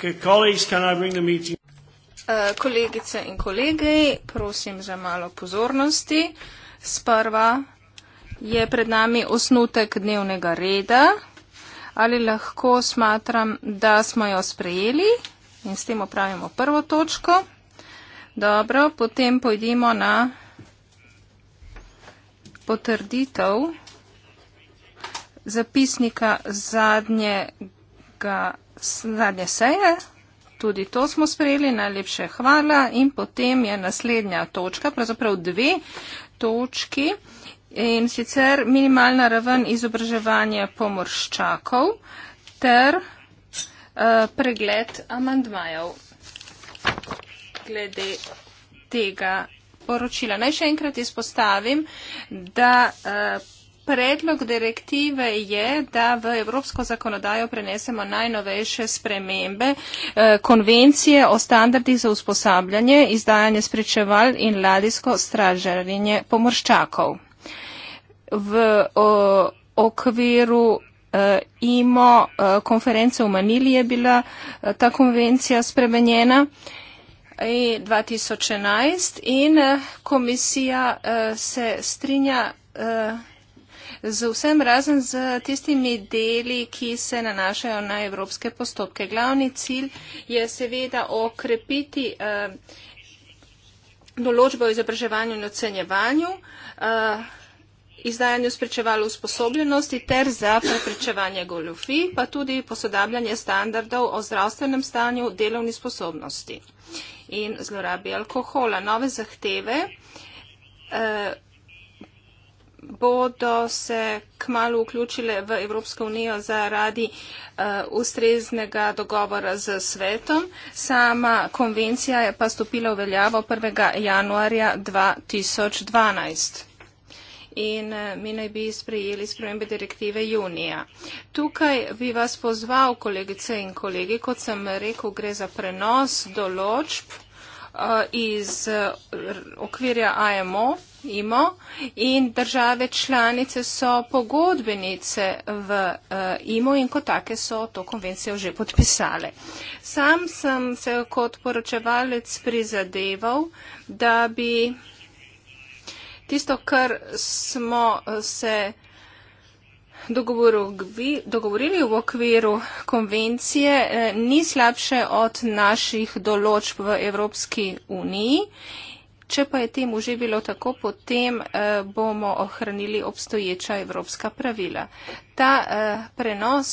Okay, colleagues, can I bring the meeting? Eh, kolegice in kolegi, prosim za malo pozornosti. Sprva je pred nami osnutek dnevnega reda. Ali lahko smatram, da smo jo sprejeli in s tem opravimo prvo točko? Dobro, potem pojdimo na potrditev zapisnika zadnjega zadnje seje. Tudi to smo sprejeli, najlepše hvala. In potem je naslednja točka, pravzaprav dve točki. In sicer minimalna raven izobraževanja pomorščakov ter uh, pregled amandmajev glede tega poročila. Naj še enkrat izpostavim, da. Uh, predlog direktive je, da v evropsko zakonodajo prenesemo najnovejše spremembe eh, konvencije o standardih za usposabljanje, izdajanje spričeval in ladijsko stražarjenje pomorščakov. V o, okviru eh, IMO eh, konference v Manili je bila ta konvencija spremenjena. 2011 e, in komisija se strinja z vsem razen z tistimi deli, ki se nanašajo na evropske postopke. Glavni cilj je seveda okrepiti eh, določbo o izobraževanju in ocenjevanju, eh, izdajanju sprečevalo usposobljenosti ter za preprečevanje goljufi, pa tudi posodabljanje standardov o zdravstvenem stanju delovni sposobnosti in zlorabi alkohola. Nove zahteve. Uh, bodo se kmalo vključile v Evropsko unijo zaradi uh, ustreznega dogovora z svetom. Sama konvencija je pa stopila v veljavo 1. januarja 2012 in eh, mi naj bi sprejeli spremembe direktive junija. Tukaj bi vas pozval, kolegice in kolegi, kot sem rekel, gre za prenos določb uh, iz uh, okvirja IMO uh, IMO in države članice so pogodbenice v uh, IMO in kot take so to konvencijo že podpisale. Sam sem se kot poročevalec prizadeval, da bi tisto, kar smo eh, se dogovorili v okviru konvencije, eh, ni slabše od naših določb v Evropski uniji Če pa je temu že bilo tako, potem eh, bomo ohranili obstoječa evropska pravila. Ta eh, prenos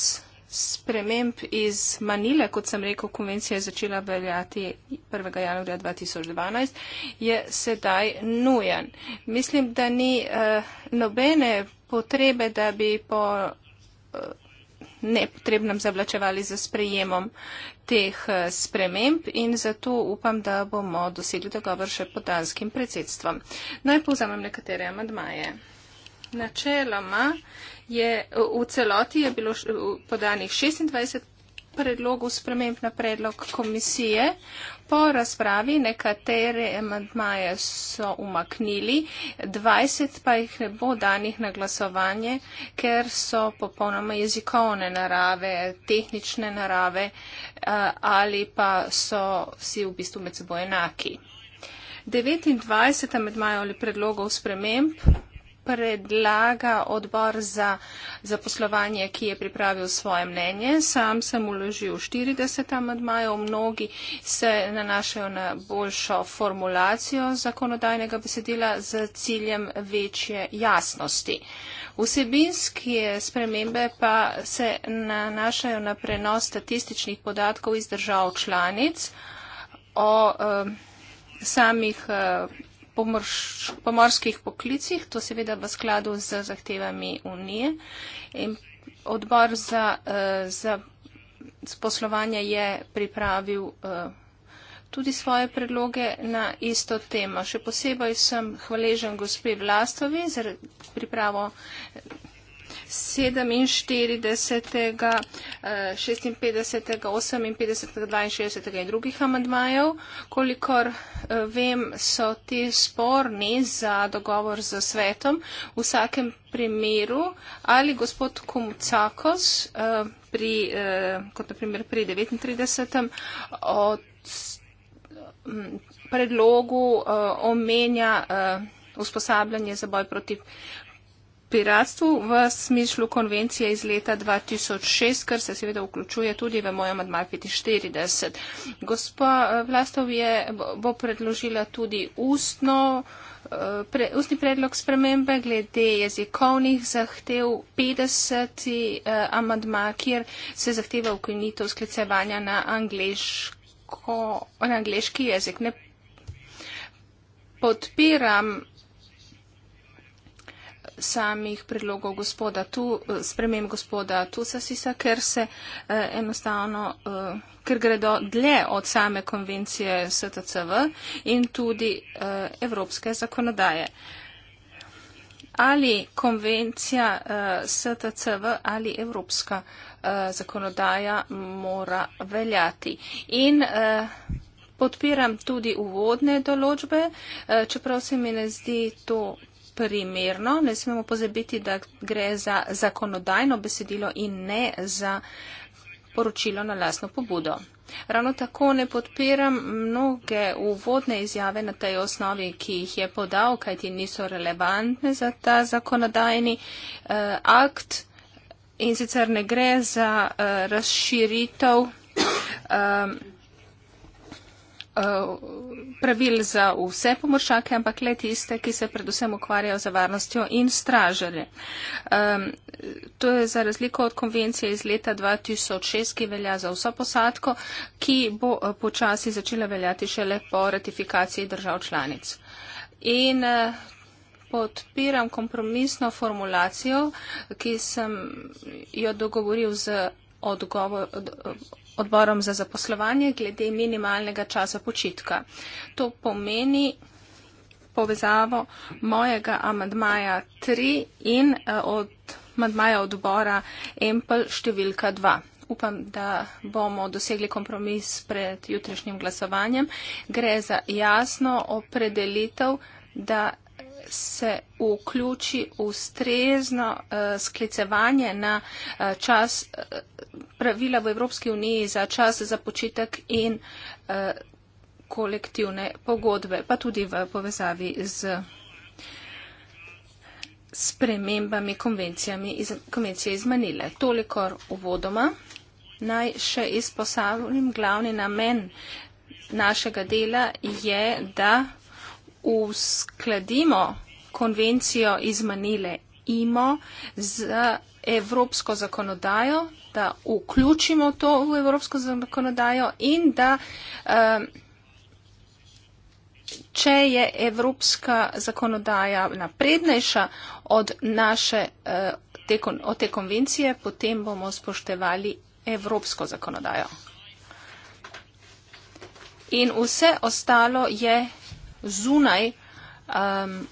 sprememb iz Manile, kot sem rekel, konvencija je začela veljati 1. januarja 2012, je sedaj nujen. Mislim, da ni eh, nobene potrebe, da bi po nepotrebnem zavlačevali za sprejemom teh eh, sprememb in zato upam, da bomo dosegli dogovor še pod danskim predsedstvom. Naj povzamem nekatere amadmaje. Načeloma je v celoti je bilo podanih 26 predlogov sprememb na predlog komisije, Po razpravi nekatere amantmaje so umaknili, 20 pa jih ne bo danih na glasovanje, ker so popolnoma jezikovne narave, tehnične narave eh, ali pa so vsi v bistvu med seboj enaki. 29 amantmajev ali predlogov sprememb predlaga odbor za zaposlovanje, ki je pripravil svoje mnenje. Sam sem uložil 40 amadmajev, mnogi se nanašajo na boljšo formulacijo zakonodajnega besedila z ciljem večje jasnosti. Vsebinske spremembe pa se nanašajo na prenos statističnih podatkov iz držav članic o eh, sami eh, pomorš, pomorskih poklicih, to seveda v skladu z zahtevami Unije. In odbor za, eh, za poslovanje je pripravil eh, tudi svoje predloge na isto temo. Še posebej sem hvaležen gospe Vlastovi za pripravo 47., 56., 58., 62. in drugih amadmajev. Kolikor eh, vem, so ti sporni za dogovor z svetom. V vsakem primeru ali gospod Kumcakos eh, pri, eh, kot naprimer pri 39. od mm, predlogu omenja usposabljanje za boj proti piratstvu v smislu konvencije iz leta 2006, kar se seveda vključuje tudi v mojem odmah 45. Gospa eh, Vlastov je, bo predložila tudi ustno, eh, pre, ustni predlog spremembe glede jezikovnih zahtev 50. Eh, amadma, kjer se zahteva ukinitev sklicevanja na, angliško, na angliški jezik. Ne podpiram samih predlogov gospoda tu, eh, spremem gospoda Tusasisa, ker se eh, enostavno, eh, ker gredo dlje od same konvencije STCV in tudi eh, evropske zakonodaje. Ali konvencija eh, STCV ali evropska eh, zakonodaja mora veljati. In, eh, Podpiram tudi uvodne določbe, eh, čeprav se mi ne zdi to primerno. Ne smemo pozabiti, da gre za zakonodajno besedilo in ne za poročilo na lasno pobudo. Ravno tako ne podpiram mnoge uvodne izjave na tej osnovi, ki jih je podal, kajti niso relevantne za ta zakonodajni eh, akt in sicer ne gre za eh, razširitev. Eh, Eh, pravil za vse pomoršake, ampak le tiste, ki se predvsem ukvarjajo za varnostjo in stražarje. Um, to je za razliko od konvencije iz leta 2006, ki velja za vso posadko, ki bo eh, počasi začela veljati šele po ratifikaciji držav članic. In eh, podpiram kompromisno formulacijo, ki sem jo dogovoril z odgovorom odborom za zaposlovanje glede minimalnega časa počitka. To pomeni povezavo mojega amadmaja 3 in eh, od amadmaja odbora Empel številka 2. Upam, da bomo dosegli kompromis pred jutrišnjim glasovanjem. Gre za jasno opredelitev, da se vključi ustrezno uh, sklicevanje na uh, čas, uh, pravila v Evropski uniji za čas za počitek in uh, kolektivne pogodbe, pa tudi v povezavi z spremembami iz, konvencije iz Manile. Toliko uvodoma. Naj še izpostavim glavni namen našega dela je, da uskladimo konvencijo iz Manile IMO z evropsko zakonodajo, da vključimo to v evropsko zakonodajo in da, eh, če je evropska zakonodaja naprednejša od, naše, eh, te, od te konvencije, potem bomo spoštevali evropsko zakonodajo. In vse ostalo je zunaj um,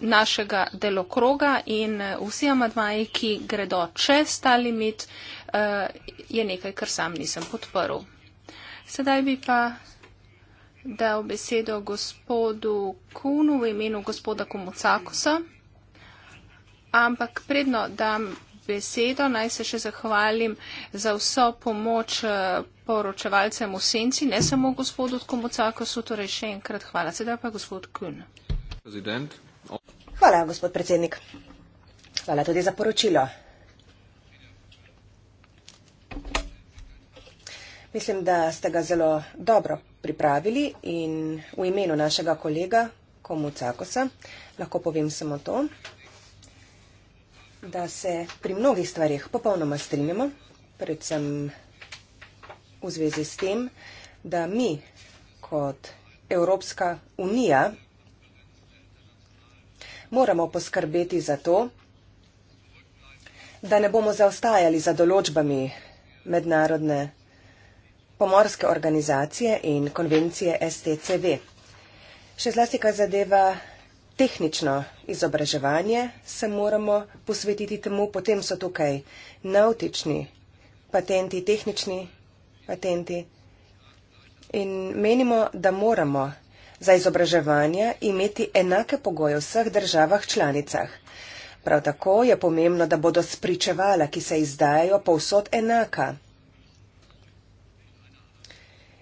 našega delokroga in eh, vsi amadmaji, ki gredo čez ta limit, uh, je nekaj, kar sam nisem podprl. Sedaj bi pa dal besedo gospodu Kunu v imenu gospoda Komucakosa, ampak predno dam besedo. Naj se še zahvalim za vso pomoč eh, poročevalcem v senci, ne samo gospodu Komocakosu, torej še enkrat hvala. Sedaj pa gospod Kun. Hvala, gospod predsednik. Hvala tudi za poročilo. Mislim, da ste ga zelo dobro pripravili in v imenu našega kolega Komucakosa lahko povem samo to da se pri mnogih stvarih popolnoma strinjamo, predvsem v zvezi s tem, da mi kot Evropska unija moramo poskrbeti za to, da ne bomo zaostajali za določbami mednarodne pomorske organizacije in konvencije STCV. Še zlasti, kar zadeva tehnično izobraževanje se moramo posvetiti temu, potem so tukaj nautični patenti, tehnični patenti. In menimo, da moramo za izobraževanje imeti enake pogoje v vseh državah članicah. Prav tako je pomembno, da bodo spričevala, ki se izdajajo, povsod enaka.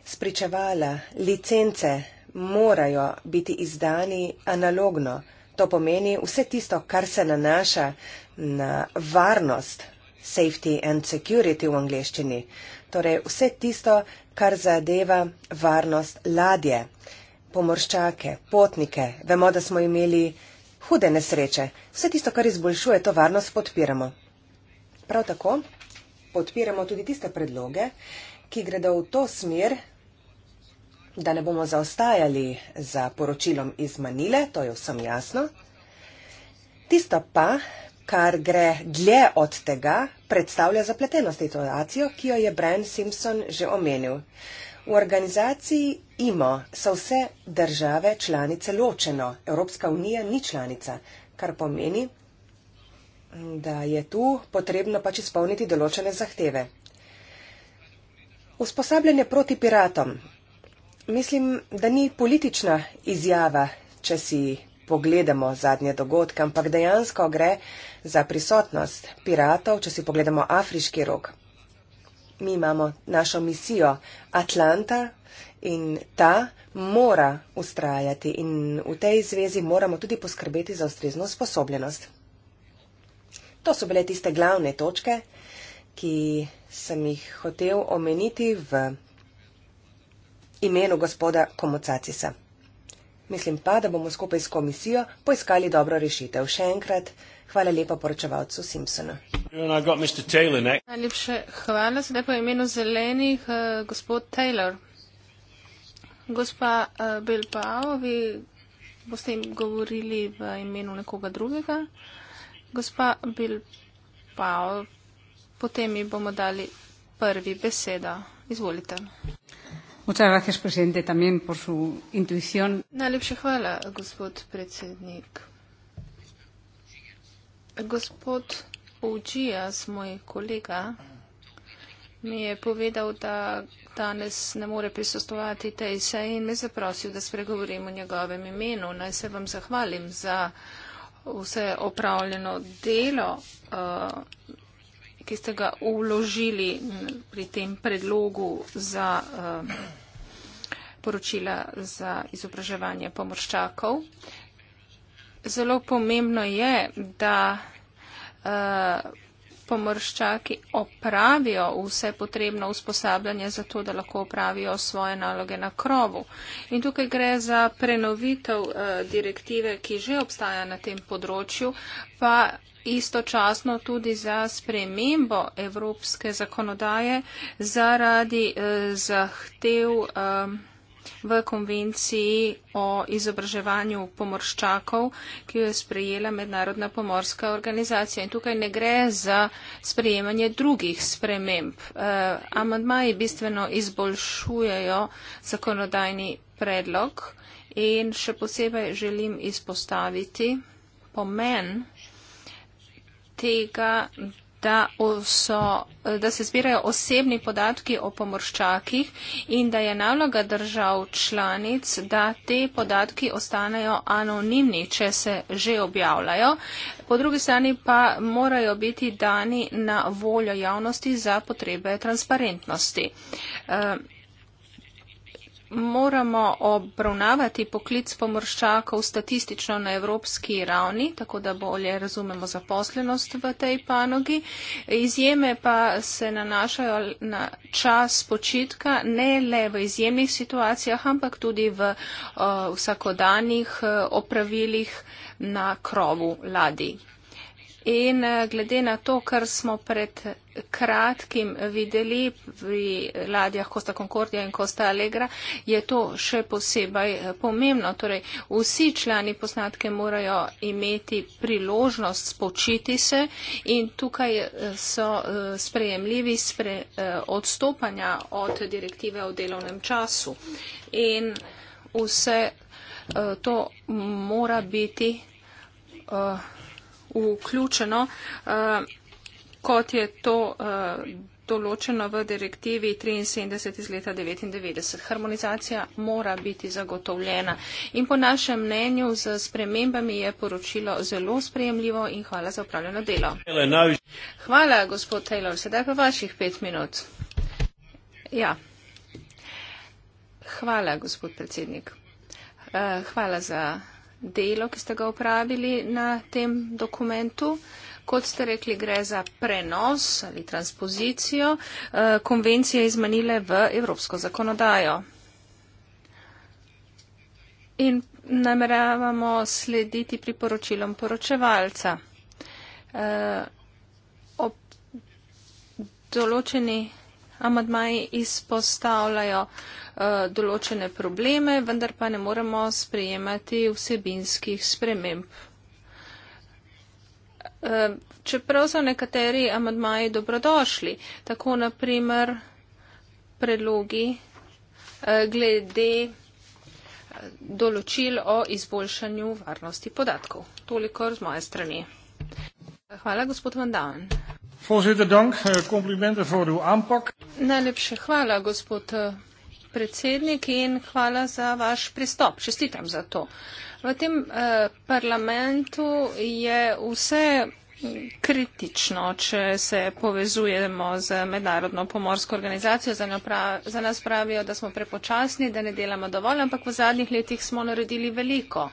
Spričevala, licence, morajo biti izdani analogno. To pomeni vse tisto, kar se nanaša na varnost, safety and security v angleščini. Torej vse tisto, kar zadeva varnost ladje, pomorščake, potnike. Vemo, da smo imeli hude nesreče. Vse tisto, kar izboljšuje to varnost, podpiramo. Prav tako podpiramo tudi tiste predloge, ki gredo v to smer, da ne bomo zaostajali za poročilom iz Manile, to je vsem jasno. Tisto pa, kar gre dlje od tega, predstavlja zapletenost situacijo, ki jo je Brian Simpson že omenil. V organizaciji IMO so vse države članice ločeno, Evropska unija ni članica, kar pomeni, da je tu potrebno pač izpolniti določene zahteve. Usposabljanje proti piratom mislim, da ni politična izjava, če si pogledamo zadnje dogodke, ampak dejansko gre za prisotnost piratov, če si pogledamo afriški rok. Mi imamo našo misijo Atlanta in ta mora ustrajati in v tej zvezi moramo tudi poskrbeti za ustrezno sposobljenost. To so bile tiste glavne točke, ki sem jih hotel omeniti v imenu gospoda Komocacisa. Mislim pa, da bomo skupaj s komisijo poiskali dobro rešitev. Še enkrat, hvala lepa poročevalcu Simpsonu. Najlepše hvala, zdaj pa imenu zelenih, uh, gospod Taylor. Gospa uh, Bilbao, vi boste jim govorili v imenu nekoga drugega. Gospa Bilbao, potem jim bomo dali prvi besedo. Izvolite. Muchas gracias, presidente, también por su intuición. Najlepša hvala, gospod predsednik. Gospod Ođija, moj kolega, mi je povedal, da danes ne more prisostovati tej seji in me zaprosil, da spregovorim o njegovem imenu. Naj se vam zahvalim za vse opravljeno delo. Uh, ki ste ga uložili pri tem predlogu za eh, poročila za izobraževanje pomorščakov. Zelo pomembno je, da eh, pomorščaki opravijo vse potrebno usposabljanje za to, da lahko opravijo svoje naloge na krovu. In tukaj gre za prenovitev eh, direktive, ki že obstaja na tem področju, pa istočasno tudi za spremembo evropske zakonodaje zaradi eh, zahtev. Eh, v konvenciji o izobraževanju pomorščakov, ki jo je sprejela Mednarodna pomorska organizacija. In tukaj ne gre za sprejemanje drugih sprememb. Eh, amandmaji bistveno izboljšujejo zakonodajni predlog in še posebej želim izpostaviti pomen tega, da, so, da se zbirajo osebni podatki o pomorščakih in da je naloga držav članic, da te podatki ostanejo anonimni, če se že objavljajo. Po drugi strani pa morajo biti dani na voljo javnosti za potrebe transparentnosti. Uh, moramo obravnavati poklic pomorščakov statistično na evropski ravni, tako da bolje razumemo zaposlenost v tej panogi. Izjeme pa se nanašajo na čas počitka, ne le v izjemnih situacijah, ampak tudi v uh, eh, vsakodanjih uh, eh, opravilih na krovu ladi. In eh, glede na to, kar smo pred kratkim videli pri ladjah Costa Concordia in Costa Allegra, je to še posebej eh, pomembno. Torej, vsi člani posnatke morajo imeti priložnost spočiti se in tukaj eh, so sprejemljivi spre, odstopanja od direktive o delovnem času. In vse to mora biti. Uh, vključeno, eh, kot je to eh, določeno v direktivi 73 iz leta 99. Harmonizacija mora biti zagotovljena. In po našem mnenju z spremembami je poročilo zelo sprejemljivo in hvala za upravljeno delo. Hvala, gospod Taylor. Sedaj pa vaših pet minut. Ja. Hvala, gospod predsednik. Eh, hvala za delo, ki ste ga upravili na tem dokumentu. Kot ste rekli, gre za prenos ali transpozicijo eh, konvencije iz Manile v evropsko zakonodajo. In nameravamo slediti priporočilom poročevalca. Eh, ob določeni Amadmaji izpostavljajo uh, določene probleme, vendar pa ne moremo sprejemati vsebinskih sprememb. Uh, čeprav so nekateri amadmaji dobrodošli, tako naprimer predlogi uh, glede določil o izboljšanju varnosti podatkov. Toliko z moje strani. Hvala, gospod Vandaven. Voorzitter, dank. Eh, complimenten voor uw aanpak. Najlepša hvala, gospod eh, predsednik, in hvala za vaš pristop. Čestitam za to. V tem eh, parlamentu je vse mm, kritično, če se povezujemo z mednarodno pomorsko organizacijo. Za, napra, za nas pravijo, da smo prepočasni, da ne delamo dovolj, ampak v zadnjih letih smo naredili veliko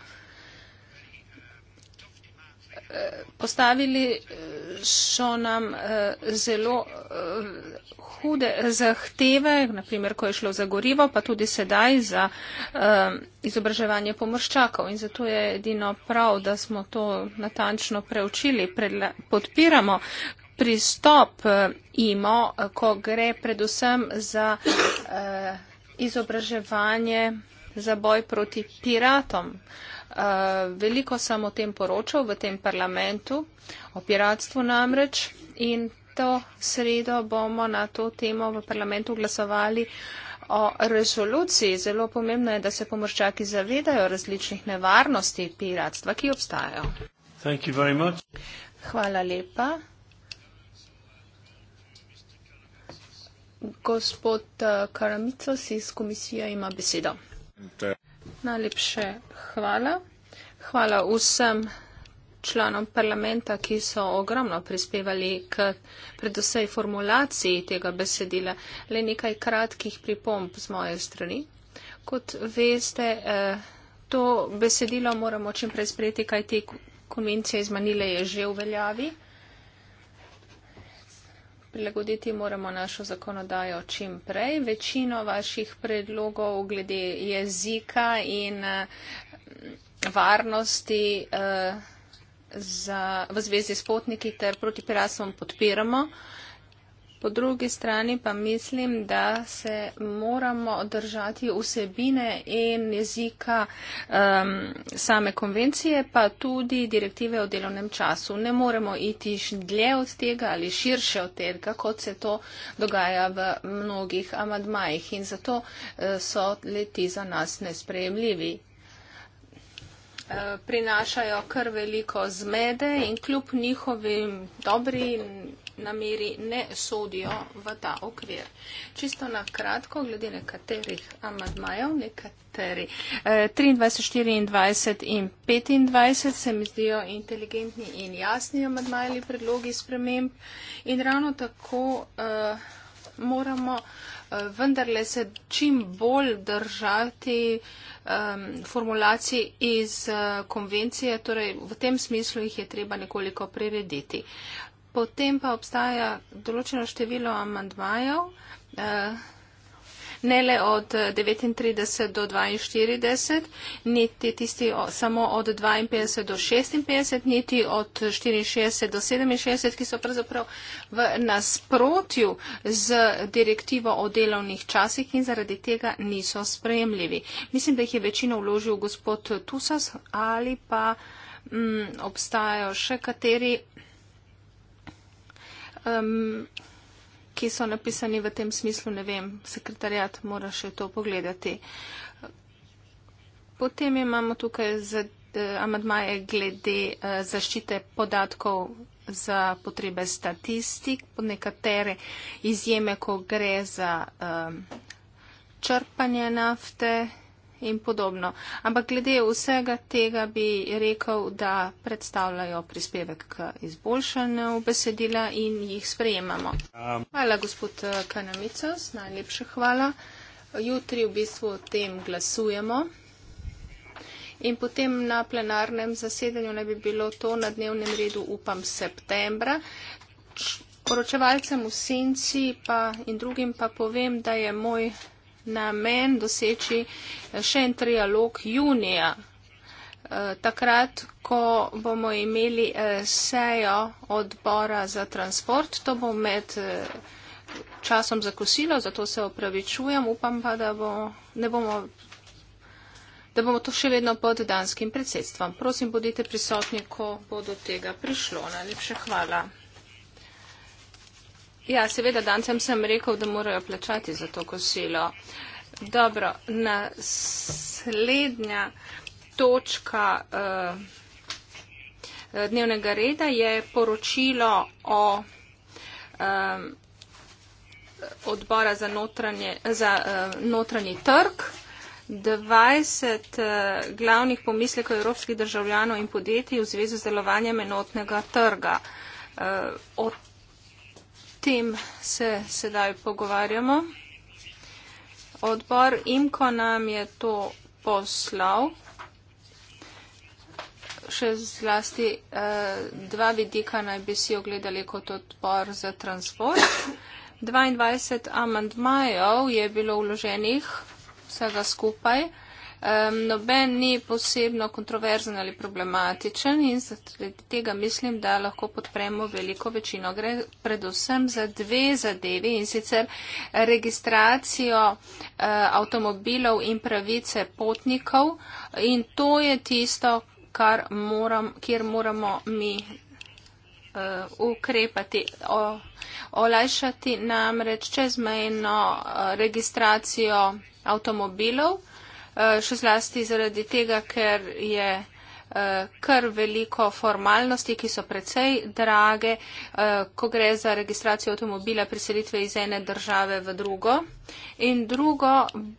postavili eh, so nam eh, zelo eh, hude zahteve, naprimer, ko je šlo za gorivo, pa tudi sedaj za izobraževanje pomorščakov. In zato je edino prav, da smo to natančno preučili. Podpiramo pristop IMO, ko gre predvsem za izobraževanje, za boj proti piratom. Eh, veliko sem o tem poročal v tem parlamentu, o piratstvu namreč in to sredo bomo na to temo v parlamentu glasovali o resoluciji. Zelo pomembno je, da se pomorščaki zavedajo različnih nevarnosti piratstva, ki obstajajo. Hvala lepa. Gospod eh, Karamicos iz komisije ima besedo. And, uh... Najlepše hvala. Hvala vsem članom parlamenta, ki so ogromno prispevali k predvsej formulaciji tega besedila. Le nekaj kratkih pripomb z moje strani. Kot veste, eh, to besedilo moramo čim prej sprejeti, kaj te konvencije iz Manile je že v veljavi prilagoditi moramo našo zakonodajo čim prej. Večino vaših predlogov glede jezika in eh, varnosti eh, za, v zvezi s potniki ter proti piratstvom podpiramo. Uh, po drugi strani pa mislim, da se moramo držati vsebine in jezika um, same konvencije, pa tudi direktive o delovnem času. Ne moremo iti dlje od tega ali širše od tega, kot se to dogaja v mnogih amadmajih in zato uh, so leti za nas nesprejemljivi eh, prinašajo kar veliko zmede in kljub njihovim dobrim nameri ne sodijo v ta okvir. Čisto na kratko, glede nekaterih amadmajev, nekateri eh, 23, 24 in 25 se mi zdijo inteligentni in jasni amadmajali predlogi sprememb in ravno tako eh, moramo eh, vendarle se čim bolj držati formulacij iz eh, konvencije, torej v tem smislu jih je treba nekoliko prirediti. Potem pa obstaja določeno število amandmajev, eh, ne le od 39 eh, do 42, niti tisti samo od 52 do 56, niti od 64 do 67, ki so pravzaprav v nasprotju z direktivo o delovnih časih in zaradi tega niso sprejemljivi. Mislim, da jih je večino vložil gospod Tusas ali pa m, mm, obstajajo še kateri um, ki so napisani v tem smislu, ne vem, sekretarjat mora še to pogledati. Potem imamo tukaj eh, amadmaje glede eh, zaščite podatkov za potrebe statistik, nekatere izjeme, ko gre za um, črpanje nafte, in podobno. Ampak glede vsega tega bi rekel, da predstavljajo prispevek k izboljšanju besedila in jih sprejemamo. Um. Hvala, gospod eh, Kanamicos, najlepša hvala. Jutri v bistvu o tem glasujemo. In potem na plenarnem zasedanju naj bi bilo to na dnevnem redu, upam, septembra. Poročevalcem v senci pa in drugim pa povem, da je moj namen doseči eh, še en trialog junija. Eh, takrat, ko bomo imeli eh, sejo odbora za transport, to bo med časom zakosilo, zato se opravičujem, upam pa, da, bo, ne bomo, da bomo to še vedno pod danskim predsedstvom. Prosim, bodite prisotni, ko bo do tega prišlo. Najlepše hvala. Ja, seveda, danes sem rekel, da morajo plačati za to kosilo. Dobro, naslednja točka uh, dnevnega reda je poročilo o um, odbora za, notranje, za uh, notranji trg. 20 uh, glavnih pomislekov evropskih državljanov in podjetij v zvezi z delovanjem enotnega trga. Uh, tem se sedaj pogovarjamo. Odbor IMKO nam je to poslal. Še zlasti eh, dva vidika naj bi si ogledali kot odbor za transport. 22 amandmajev je bilo vloženih vsega skupaj um, noben ni posebno kontroverzen ali problematičen in zaradi tega mislim, da lahko podpremo veliko večino. Gre predvsem za dve zadevi in sicer registracijo uh, avtomobilov in pravice potnikov in to je tisto, moram, kjer moramo mi. Uh, ukrepati, o, olajšati namreč čezmejno uh, registracijo avtomobilov. Eh, še zlasti zaradi tega, ker je eh, kar veliko formalnosti, ki so precej drage, eh, ko gre za registracijo avtomobila, preselitve iz ene države v drugo. In drugo,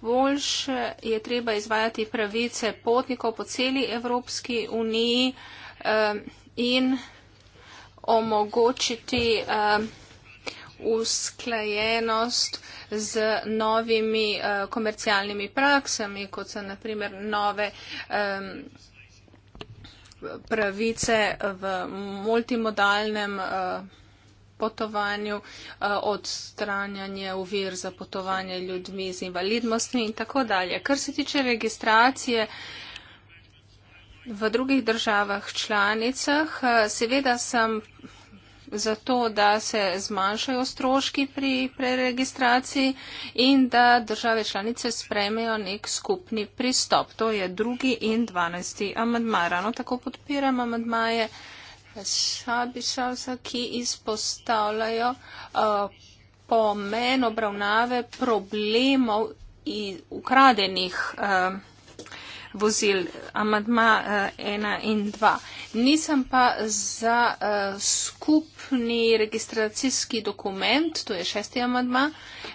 boljše je treba izvajati pravice potnikov po celi Evropski uniji in omogočiti usklajenost z novimi uh, komercialnimi praksami, kot so naprimer nove um, pravice v multimodalnem uh, potovanju, uh, odstranjanje uvir za potovanje ljudmi z invalidnostmi in tako dalje. Kar se tiče registracije. V drugih državah članicah seveda sem zato, da se zmanjšajo stroški pri preregistraciji in da države članice spremejo nek skupni pristop. To je drugi in dvanajsti amadma. Rano tako podpiram amadmaje Sabišavsa, ki izpostavljajo uh, pomen obravnave problemov ukradenih. Uh, vozil, amadma uh, eh, 1 in 2. Nisem pa za uh, skupni registracijski dokument, to je šesti amadma,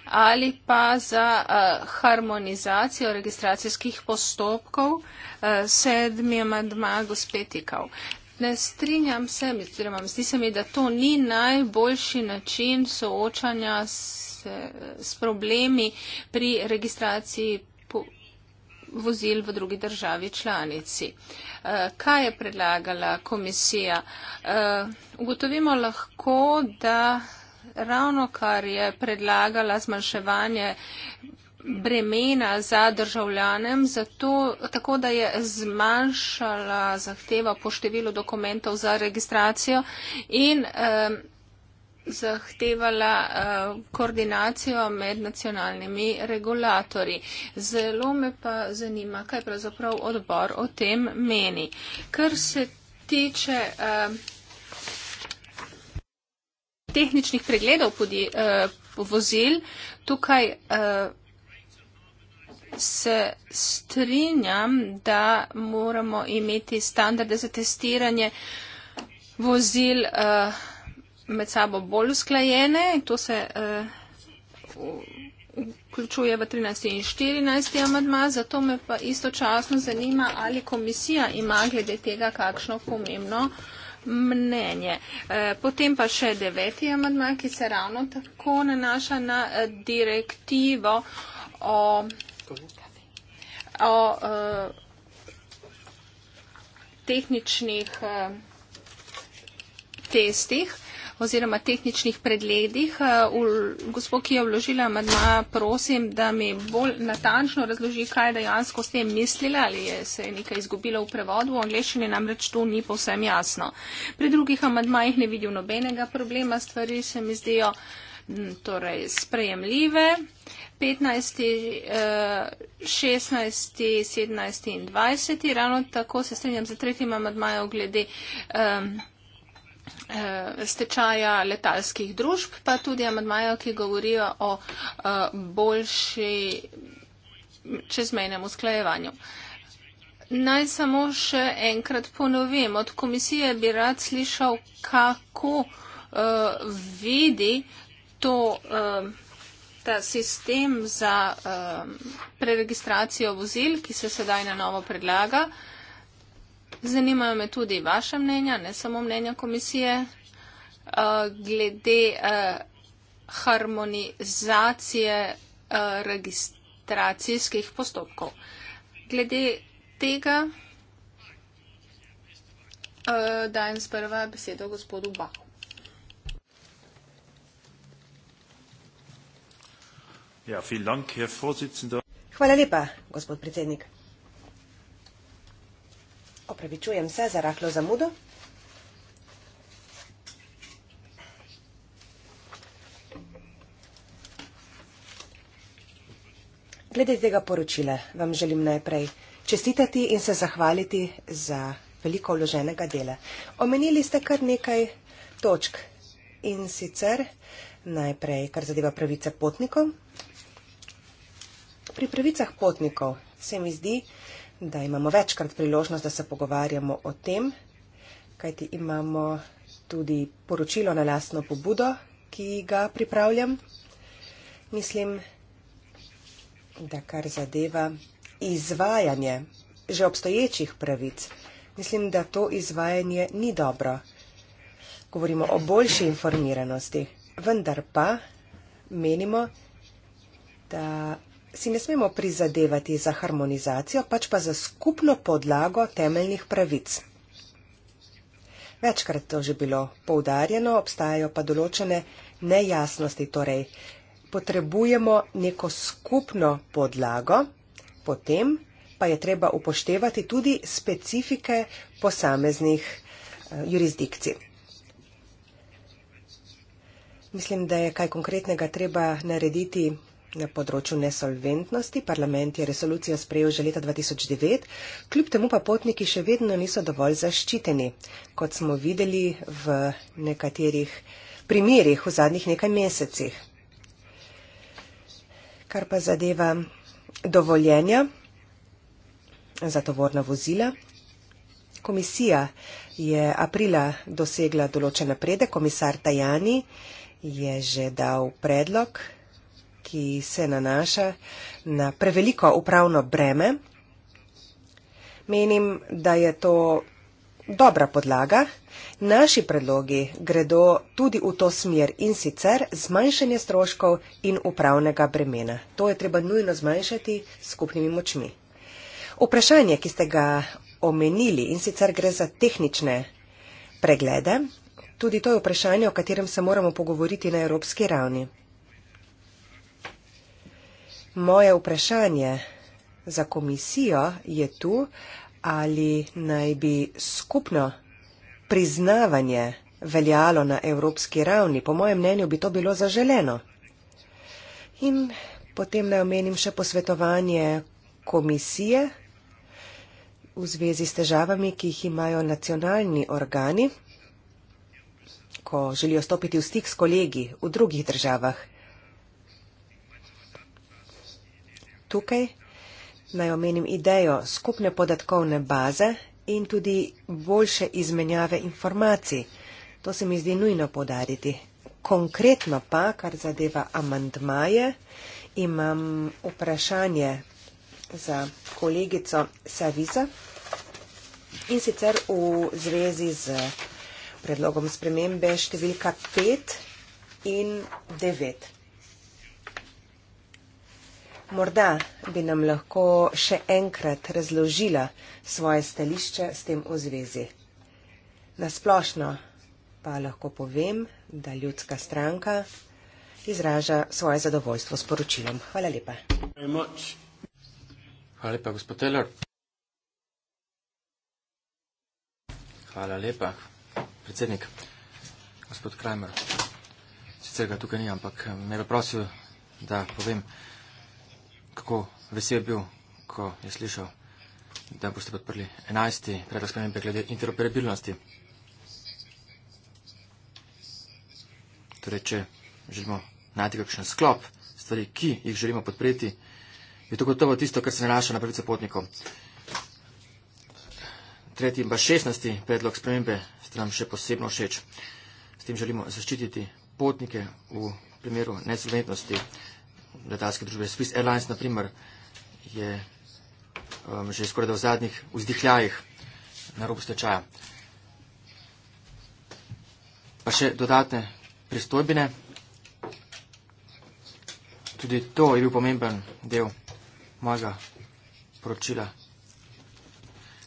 ali pa za uh, harmonizacijo registracijskih postopkov uh, sedmi amadma gospetikov. Ne strinjam se, oziroma zdi se mi, da to ni najboljši način soočanja s, s problemi pri registraciji vozil v drugi državi članici. Eh, kaj je predlagala komisija? Eh, ugotovimo lahko, da ravno kar je predlagala zmanjševanje bremena za državljanem, zato, tako da je zmanjšala zahteva po številu dokumentov za registracijo in eh, zahtevala uh, koordinacijo med nacionalnimi regulatori. Zelo me pa zanima, kaj pravzaprav odbor o tem meni. Kar se tiče uh, tehničnih pregledov podi, uh, eh, vozil, tukaj uh, se strinjam, da moramo imeti standarde za testiranje vozil. Uh, med sabo bolj usklajene. To se uh, vključuje v 13. in 14. amadma, zato me pa istočasno zanima, ali komisija ima glede tega kakšno pomembno mnenje. Eh, potem pa še deveti amadma, ki se ravno tako nanaša na eh, direktivo o, o eh, tehničnih eh, testih. Eh, oziroma tehničnih predledih. Eh, Gospod, ki je vložila amadma, prosim, da mi bolj natančno razloži, kaj je dejansko s tem mislila, ali je se je nekaj izgubilo v prevodu. V angliščini namreč to ni povsem jasno. Pri drugih amadmajih ne vidim nobenega problema, stvari se mi zdijo torej, sprejemljive. 15., 16., 17. in 20. ravno tako se strinjam za tretjim amadmajem glede um, Eh, stečaja letalskih družb, pa tudi amadmajo, ki govorijo o eh, boljši čezmejnem usklajevanju. Naj samo še enkrat ponovim, od komisije bi rad slišal, kako eh, vidi to ta sistem za preregistracijo vozil, ki se sedaj na novo predlaga. Zanimajo me tudi vaše mnenja, ne samo mnenja komisije, eh, glede eh, harmonizacije eh, registracijskih postopkov. Glede tega dajem sprva besedo gospodu Bahu. Ja, Hvala lepa, gospod predsednik. Opravičujem se za rahlo zamudo. Glede tega poročila vam želim najprej čestitati in se zahvaliti za veliko vloženega dela. Omenili ste kar nekaj točk in sicer najprej, kar zadeva pravice potnikov. Pri pravicah potnikov se mi zdi, da da imamo večkrat priložnost, da se pogovarjamo o tem, kajti imamo tudi poročilo na lastno pobudo, ki ga pripravljam. Mislim, da kar zadeva izvajanje že obstoječih pravic, mislim, da to izvajanje ni dobro. Govorimo o boljši informiranosti, vendar pa menimo, da si ne smemo prizadevati za harmonizacijo, pač pa za skupno podlago temeljnih pravic. Večkrat to že bilo poudarjeno, obstajajo pa določene nejasnosti, torej potrebujemo neko skupno podlago, potem pa je treba upoštevati tudi specifike posameznih eh, jurisdikcij. Mislim, da je kaj konkretnega treba narediti Na področju nesolventnosti parlament je resolucijo sprejel že leta 2009, kljub temu pa potniki še vedno niso dovolj zaščiteni, kot smo videli v nekaterih primerjih v zadnjih nekaj mesecih. Kar pa zadeva dovoljenja za tovorna vozila. Komisija je aprila dosegla določen napredek, komisar Tajani je že dal predlog ki se nanaša na preveliko upravno breme. Menim, da je to dobra podlaga. Naši predlogi gredo tudi v to smer in sicer zmanjšanje stroškov in upravnega bremena. To je treba nujno zmanjšati skupnimi močmi. Vprašanje, ki ste ga omenili in sicer gre za tehnične preglede, tudi to je vprašanje, o katerem se moramo pogovoriti na evropski ravni. Moje vprašanje za komisijo je tu, ali naj bi skupno priznavanje veljalo na evropski ravni. Po mojem mnenju bi to bilo zaželeno. In potem naj omenim še posvetovanje komisije v zvezi s težavami, ki jih imajo nacionalni organi, ko želijo stopiti v stik s kolegi v drugih državah. tukaj. Naj omenim idejo skupne podatkovne baze in tudi boljše izmenjave informacij. To se mi zdi nujno podariti. Konkretno pa, kar zadeva amandmaje, imam vprašanje za kolegico Saviza in sicer v zvezi z predlogom spremembe številka 5 in 9. Morda bi nam lahko še enkrat razložila svoje stališče s tem v zvezi. Nasplošno pa lahko povem, da ljudska stranka izraža svoje zadovoljstvo s poročilom. Hvala lepa. Hvala lepa, gospod Teller. Hvala lepa, predsednik. Gospod Kramer, sicer ga tukaj ni, ampak me je prosil, da povem kako vesel bil, ko je slišal, da boste podprli enajsti predlog spremembe glede interoperabilnosti. Torej, če želimo najti kakšen sklop stvari, ki jih želimo podpreti, je to gotovo tisto, kar se nanaša na pravice potnikov. Tretji in pa šestnasti predlog spremembe ste nam še posebno všeč. S tem želimo zaščititi potnike v primeru nesolventnosti letalske družbe. Swiss Airlines, na primer, je um, že skoraj da v zadnjih vzdihljajih na robu stečaja. Pa še dodatne pristojbine. Tudi to je bil pomemben del mojega poročila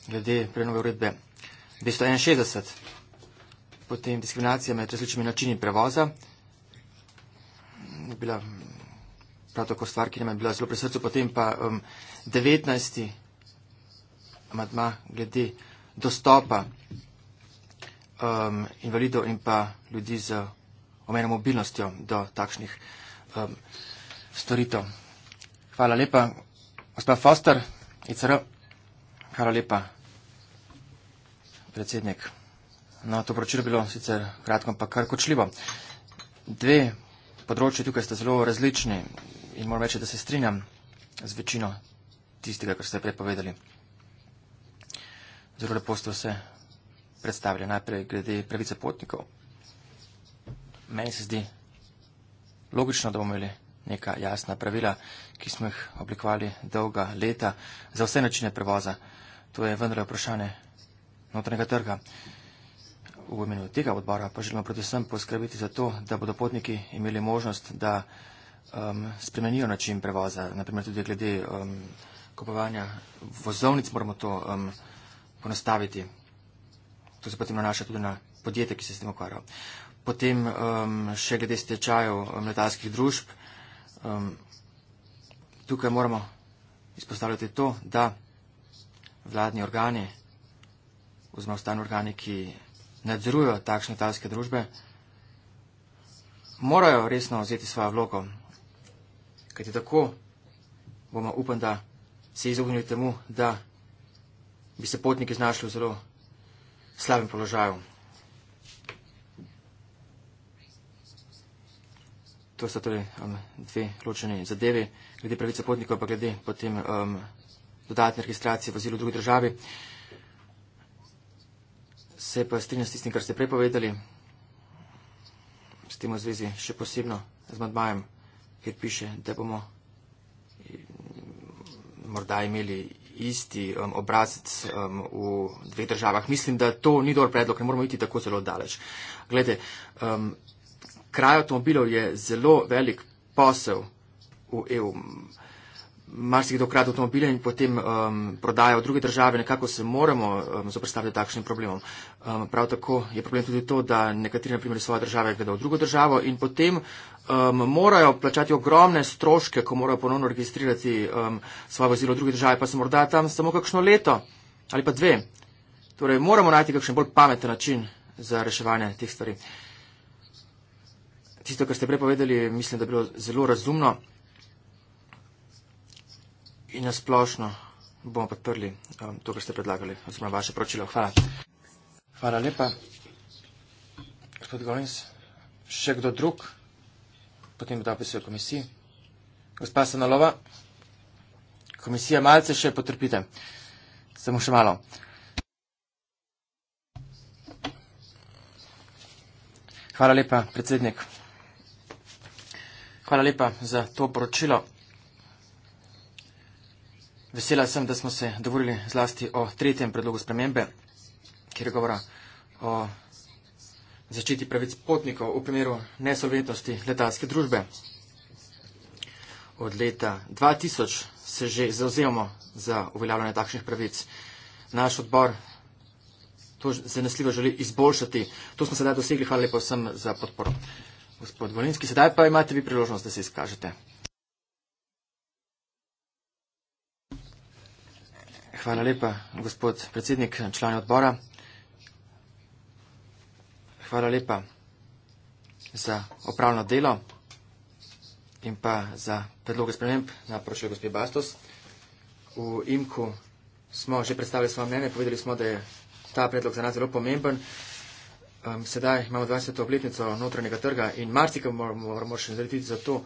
glede prenove uredbe 261. Potem diskriminacija med različnimi načini prevoza. Je bila prav tako stvar, ki nam je bila zelo pri srcu. Potem pa um, 19. amadma glede dostopa um, invalidov in pa ljudi z omejeno mobilnostjo do takšnih um, storitev. Hvala lepa, gospod Foster, ICR. Hvala lepa, predsednik. No, to poročilo je bilo sicer kratko, ampak kar kočljivo. Dve področje tukaj sta zelo različni in moram reči, da se strinjam z večino tistega, kar ste prepovedali. Zelo lepo ste vse predstavili. Najprej glede pravice potnikov. Meni se zdi logično, da bomo imeli neka jasna pravila, ki smo jih oblikovali dolga leta za vse načine prevoza. To je vendar vprašanje notranjega trga. V imenu tega odbora pa želimo predvsem poskrbiti za to, da bodo potniki imeli možnost, da um, spremenijo način prevoza, naprimer tudi glede um, kupovanja vozovnic, moramo to um, ponostaviti. To se potem nanaša tudi na podjetje, ki se s tem ukvarja. Potem um, še glede stečajev um, letalskih družb. Um, tukaj moramo izpostavljati to, da vladni organi oziroma ostani organi, ki nadzorujo takšne letalske družbe, morajo resno vzeti svojo vlogo Kajti tako bomo, upam, da se izognili temu, da bi se potniki znašli v zelo slabem položaju. To so torej um, dve ločene zadeve, glede pravice potnikov, pa glede potem um, dodatne registracije vozil v drugi državi. Se pa strinjam s tistim, kar ste prepovedali, s tem v zvezi še posebno z madmajem kjer piše, da bomo morda imeli isti um, obrazec um, v dveh državah. Mislim, da to ni dober predlog, ne moramo iti tako zelo daleč. Glede, um, kraj avtomobilov je zelo velik posel v EU marsikdo krat avtomobile in potem um, prodajo v druge države, nekako se moramo um, zoprstaviti takšnim problemom. Um, prav tako je problem tudi to, da nekateri, na primer, svoje države gredo v drugo državo in potem um, morajo plačati ogromne stroške, ko morajo ponovno registrirati um, svoje vozilo v druge države, pa so morda tam samo kakšno leto ali pa dve. Torej, moramo najti kakšen bolj pameten način za reševanje teh stvari. Tisto, kar ste prepovedali, mislim, da je bilo zelo razumno in na splošno bomo podprli um, to, kar ste predlagali, oziroma vaše pročilo. Hvala. Hvala lepa. Gospod Govins, še kdo drug? Potem bi dal besedo komisiji. Gospa Sanalova, komisija malce še potrpite. Samo še malo. Hvala lepa, predsednik. Hvala lepa za to poročilo. Vesela sem, da smo se dovolili zlasti o tretjem predlogu spremembe, kjer je govora o zaščiti pravic potnikov v primeru nesolventnosti letalske družbe. Od leta 2000 se že zauzemamo za uveljavljanje takšnih pravic. Naš odbor to zanesljivo želi izboljšati. To smo sedaj dosegli. Hvala lepa vsem za podporo. Gospod Volinski, sedaj pa imate vi priložnost, da se izkažete. Hvala lepa, gospod predsednik, člani odbora. Hvala lepa za opravljeno delo in pa za predloge sprememb na prošlje gospe Bastos. V imku smo že predstavili svoje mnenje, povedali smo, da je ta predlog za nas zelo pomemben. Sedaj imamo 20. obletnico notranjega trga in marsika moramo še narediti za to,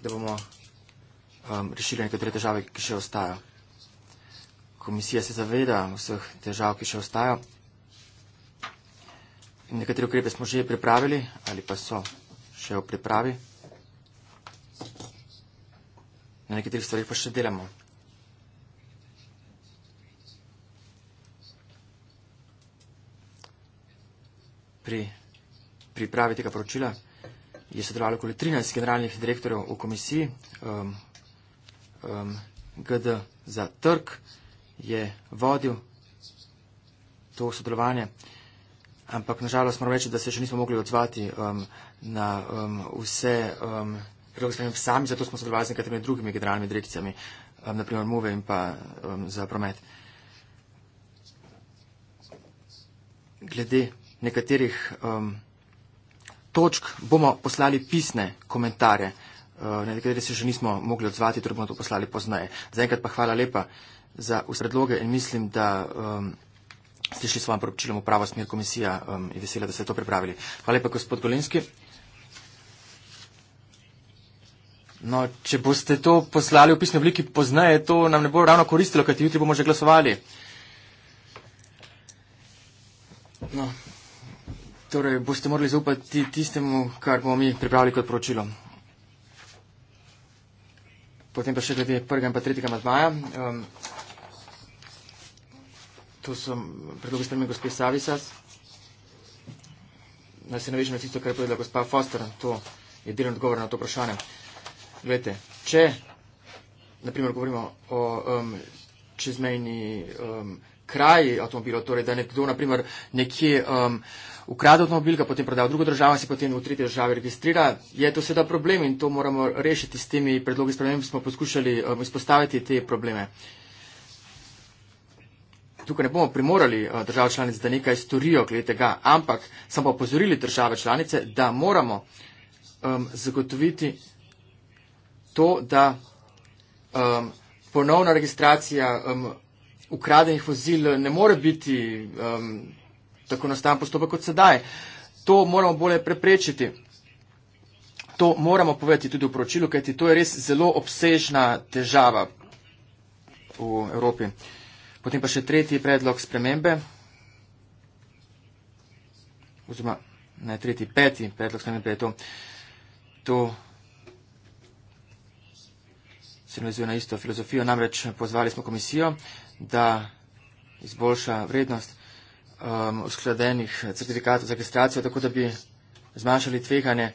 da bomo um, rešili nekatere težave, ki še ostajo. Komisija se zaveda vseh težav, ki še ostajo. Nekatere ukrepe smo že pripravili ali pa so še v pripravi. Na nekaterih stvarih pa še delamo. Pri pripravi tega poročila je sodelovalo okoli 13 generalnih direktorjev v komisiji. Um, um, GD za trg, je vodil to sodelovanje. Ampak nažalost moram reči, da se še nismo mogli odzvati um, na um, vse um, predloge sprememb sami, zato smo sodelovali z nekaterimi drugimi generalnimi direkcijami, um, naprimer MUVE in pa um, za promet. Glede nekaterih um, točk bomo poslali pisne komentarje na eh, nekateri se še nismo mogli odzvati, torej bomo to poslali poznaje. Zaenkrat pa hvala lepa za vse predloge in mislim, da um, ste šli s svojim poročilom v pravo smer komisija um, ehm, in vesela, da ste to pripravili. Hvala lepa, gospod Golinski. No, če boste to poslali v pisni obliki poznaje, to nam ne bo ravno koristilo, kajti jutri bomo že glasovali. No, torej, boste morali zaupati tistemu, kar bomo mi pripravili kot poročilo potem pa še glede prvega in pa tretjega amadmaja. Um, to so predlogi strani gospe Savisas. Naj se navežem na tisto, kar je povedala gospa Foster. To je delen odgovor na to vprašanje. Glede, če, na primer, govorimo o um, čezmejni um, kraji avtomobila, torej da nekdo, na primer, nekje um, ukradel avtomobil, ga potem prodal v drugo državo in se potem v tretji državi registrira, je to seveda problem in to moramo rešiti s temi predlogi sprememb, smo poskušali um, izpostaviti te probleme. Tukaj ne bomo primorali uh, držav članic, da nekaj storijo glede tega, ampak smo pa opozorili države članice, da moramo um, zagotoviti to, da um, ponovna registracija um, ukradenih vozil ne more biti um, tako nastajen postopek kot sedaj. To moramo bolje preprečiti. To moramo povedati tudi v poročilu, kajti to je res zelo obsežna težava v Evropi. Potem pa še tretji predlog spremembe. Oziroma, ne tretji, peti predlog spremembe je to. To se navezuje na isto filozofijo. Namreč pozvali smo komisijo, da izboljša vrednost um, uskladenih certifikatov za registracijo, tako da bi zmanjšali tveganje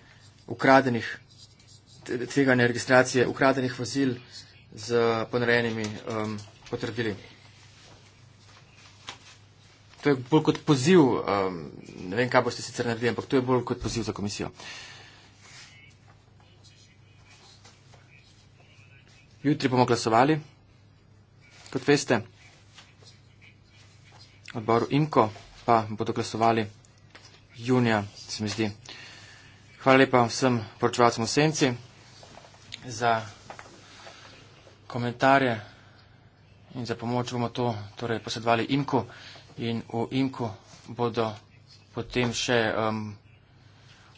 ukradenih, tveganje registracije ukradenih vozil z ponarejenimi um, potrdili. To je bolj kot poziv, um, ne vem, kaj boste sicer naredili, ampak to je bolj kot poziv za komisijo. Jutri bomo glasovali, kot veste odboru IMKO, pa bodo glasovali junija, se mi zdi. Hvala lepa vsem poročevalcem v Senci za komentarje in za pomoč bomo to torej, posedvali IMKO in v IMKO bodo potem še um,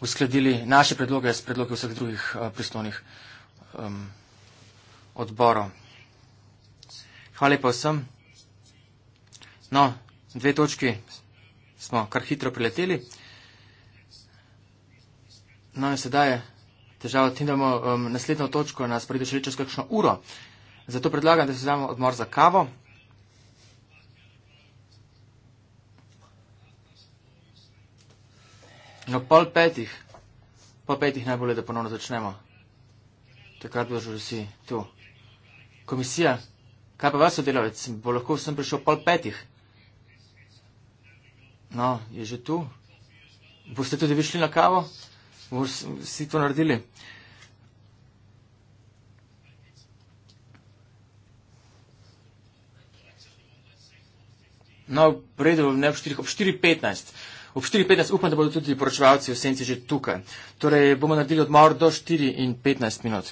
uskladili naše predloge s predloge vseh drugih uh, pristojnih um, odborov. Hvala lepa vsem. No, dve točki smo kar hitro prileteli. No in sedaj je težava v tem, da bomo um, naslednjo točko nas pridušili čez kakšno uro. Zato predlagam, da se vzamemo odmor za kavo. No, pol petih, pol petih najbolje, da ponovno začnemo. Takrat bo že vsi tu. Komisija, kaj pa vas, sodelavec, bo lahko sem prišel pol petih? No, je že tu. Boste tudi vi šli na kavo? Vsi to naredili? No, predel, ne ob 4.15. Ob 4.15 upam, da bodo tudi poročevalci v senci že tukaj. Torej, bomo naredili odmor do 4.15 minut.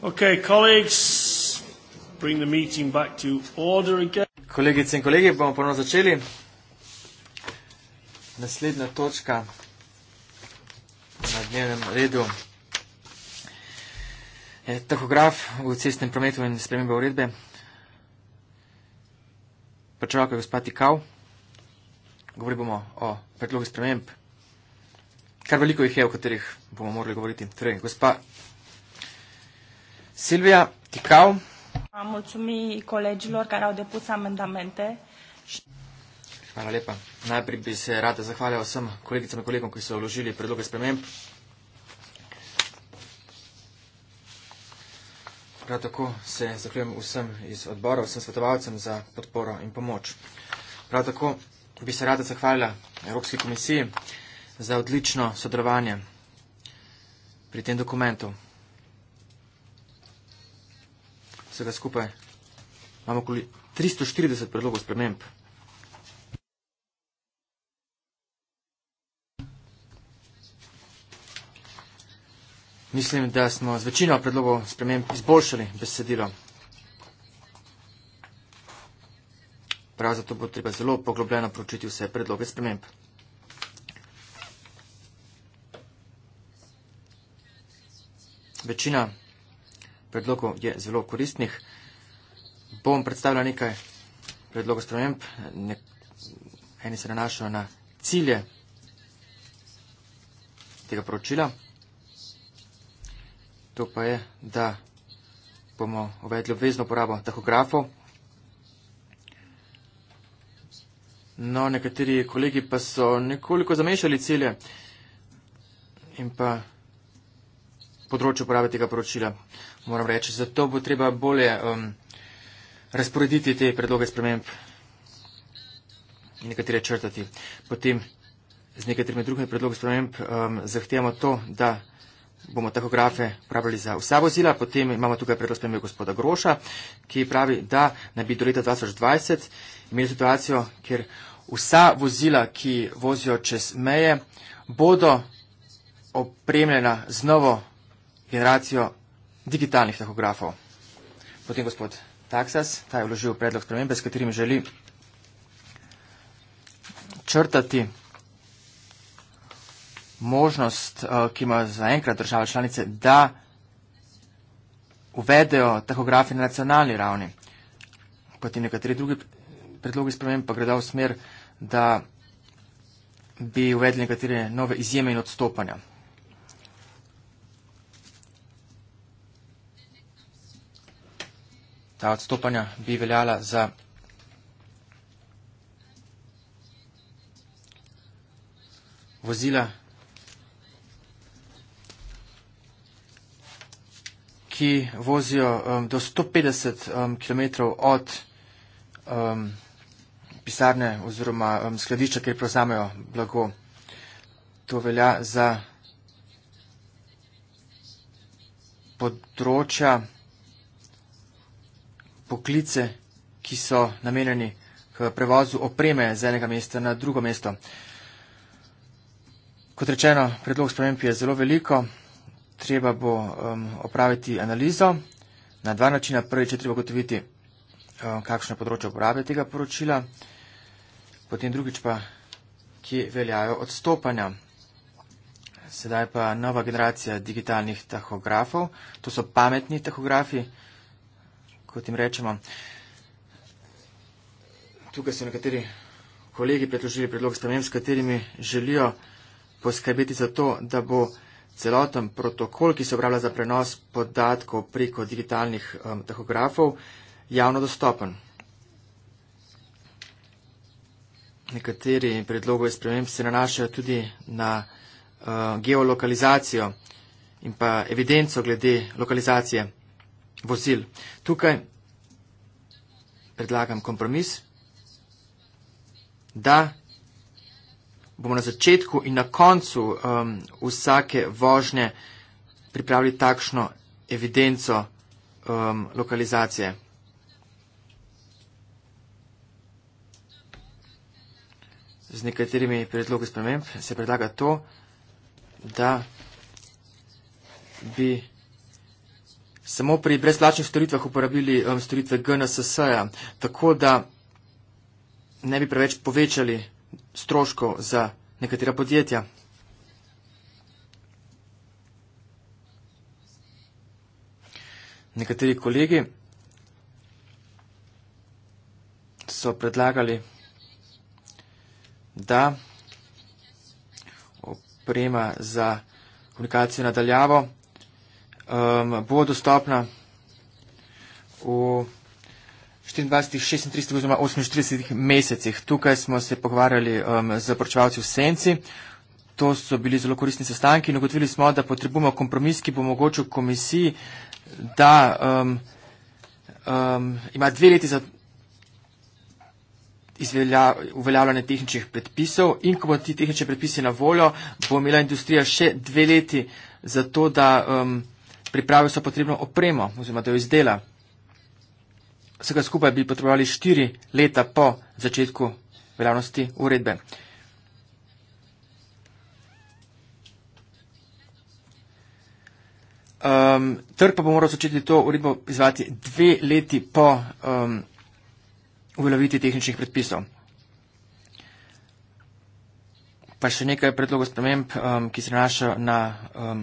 Okay, colleagues, bring the meeting back to order again. Kolegice in kolegi, bomo ponovno začeli. Naslednja točka na dnevnem redu je tahograf v cestnem prometu in spremembe uredbe. Pričakuje gospod Tikal. Govori bomo o predlogu sprememb. Kar veliko jih je, o katerih bomo morali govoriti. Torej, gospa Silvia Ticau. Am mulțumit colegilor care au depus amendamente. Hvala lepa. Najprej bi se rada zahvaljala vsem kolegicam in kolegom, ki so vložili predloge sprememb. Prav tako se zahvaljujem vsem iz odbora, vsem svetovalcem za podporo in pomoč. Prav tako bi se rada zahvaljala Evropski komisiji za odlično sodelovanje pri tem dokumentu. vsega skupaj. Imamo okoli 340 predlogov sprememb. Mislim, da smo z večino predlogov sprememb izboljšali besedilo. Prav zato bo treba zelo poglobljeno pročiti vse predloge sprememb. Večina predlogov je zelo koristnih. Bom predstavljal nekaj predlogov sprememb, ne, eni se nanašajo na cilje tega poročila. To pa je, da bomo uvedli obvezno uporabo tahografov. No, nekateri kolegi pa so nekoliko zamešali cilje in pa področju uporabe tega poročila, moram reči. Zato bo treba bolje um, razporediti te predloge sprememb in nekatere črtati. Potem z nekaterimi drugimi predlogi sprememb um, zahtevamo to, da bomo tahografe uporabljali za vsa vozila. Potem imamo tukaj predlog spremembe gospoda Groša, ki pravi, da naj bi do leta 2020 imeli situacijo, kjer vsa vozila, ki vozijo čez meje, bodo opremljena z novo generacijo digitalnih tahografov. Potem gospod Taksas, ta je vložil predlog spremembe, s katerim želi črtati možnost, eh, ki ima zaenkrat države članice, da uvedejo tahografi na nacionalni ravni. Potem nekateri drugi predlogi spremembe pa gredo v smer, da bi uvedli nekatere nove izjeme in odstopanja. ta odstopanja bi veljala za vozila, ki vozijo um, do 150 um, km od um, pisarne oziroma um, skladišča, kjer prevzamejo blago. To velja za področja, poklice, ki so namenjeni k prevozu opreme z enega mesta na drugo mesto. Kot rečeno, predlog sprememb je zelo veliko, treba bo um, opraviti analizo na dva načina. Prvič je treba gotoviti, um, kakšno področje uporabe tega poročila, potem drugič pa, kje veljajo odstopanja. Sedaj pa nova generacija digitalnih tahografov, to so pametni tahografi, kot jim rečemo. Tukaj so nekateri kolegi predložili predlog spremem, s katerimi želijo poskrbeti za to, da bo celoten protokol, ki se obravlja za prenos podatkov preko digitalnih um, tahografov, javno dostopen. Nekateri predlogovi sprememb se nanašajo tudi na uh, geolokalizacijo in pa evidenco glede lokalizacije vozil. Tukaj predlagam kompromis, da bomo na začetku in na koncu um, vsake vožnje pripravili takšno evidenco um, lokalizacije. Z nekaterimi predlogi sprememb se predlaga to, da bi samo pri brezplačnih storitvah uporabili um, storitve GNSS-ja, tako da ne bi preveč povečali stroškov za nekatera podjetja. Nekateri kolegi so predlagali, da oprema za komunikacijo nadaljavo um, bo dostopna v 24, 36 oziroma 48 mesecih. Tukaj smo se pogovarjali um, ehm, z poročevalci v Senci. To so bili zelo koristni sestanki in ugotovili smo, da potrebujemo kompromis, ki bo omogočil komisiji, da um, um, ima dve leti za uveljavljanje tehničnih predpisov in ko bo ti tehnični predpisi na voljo, bo imela industrija še dve leti za to, da. Um, pripravil so potrebno opremo oziroma da jo izdela. Vsega skupaj bi potrebovali štiri leta po začetku veljavnosti uredbe. Um, trg pa bo moral začeti to uredbo izvati dve leti po um, uveljaviti tehničnih predpisov. Pa še nekaj predlogov sprememb, um, ki se nanašajo na um,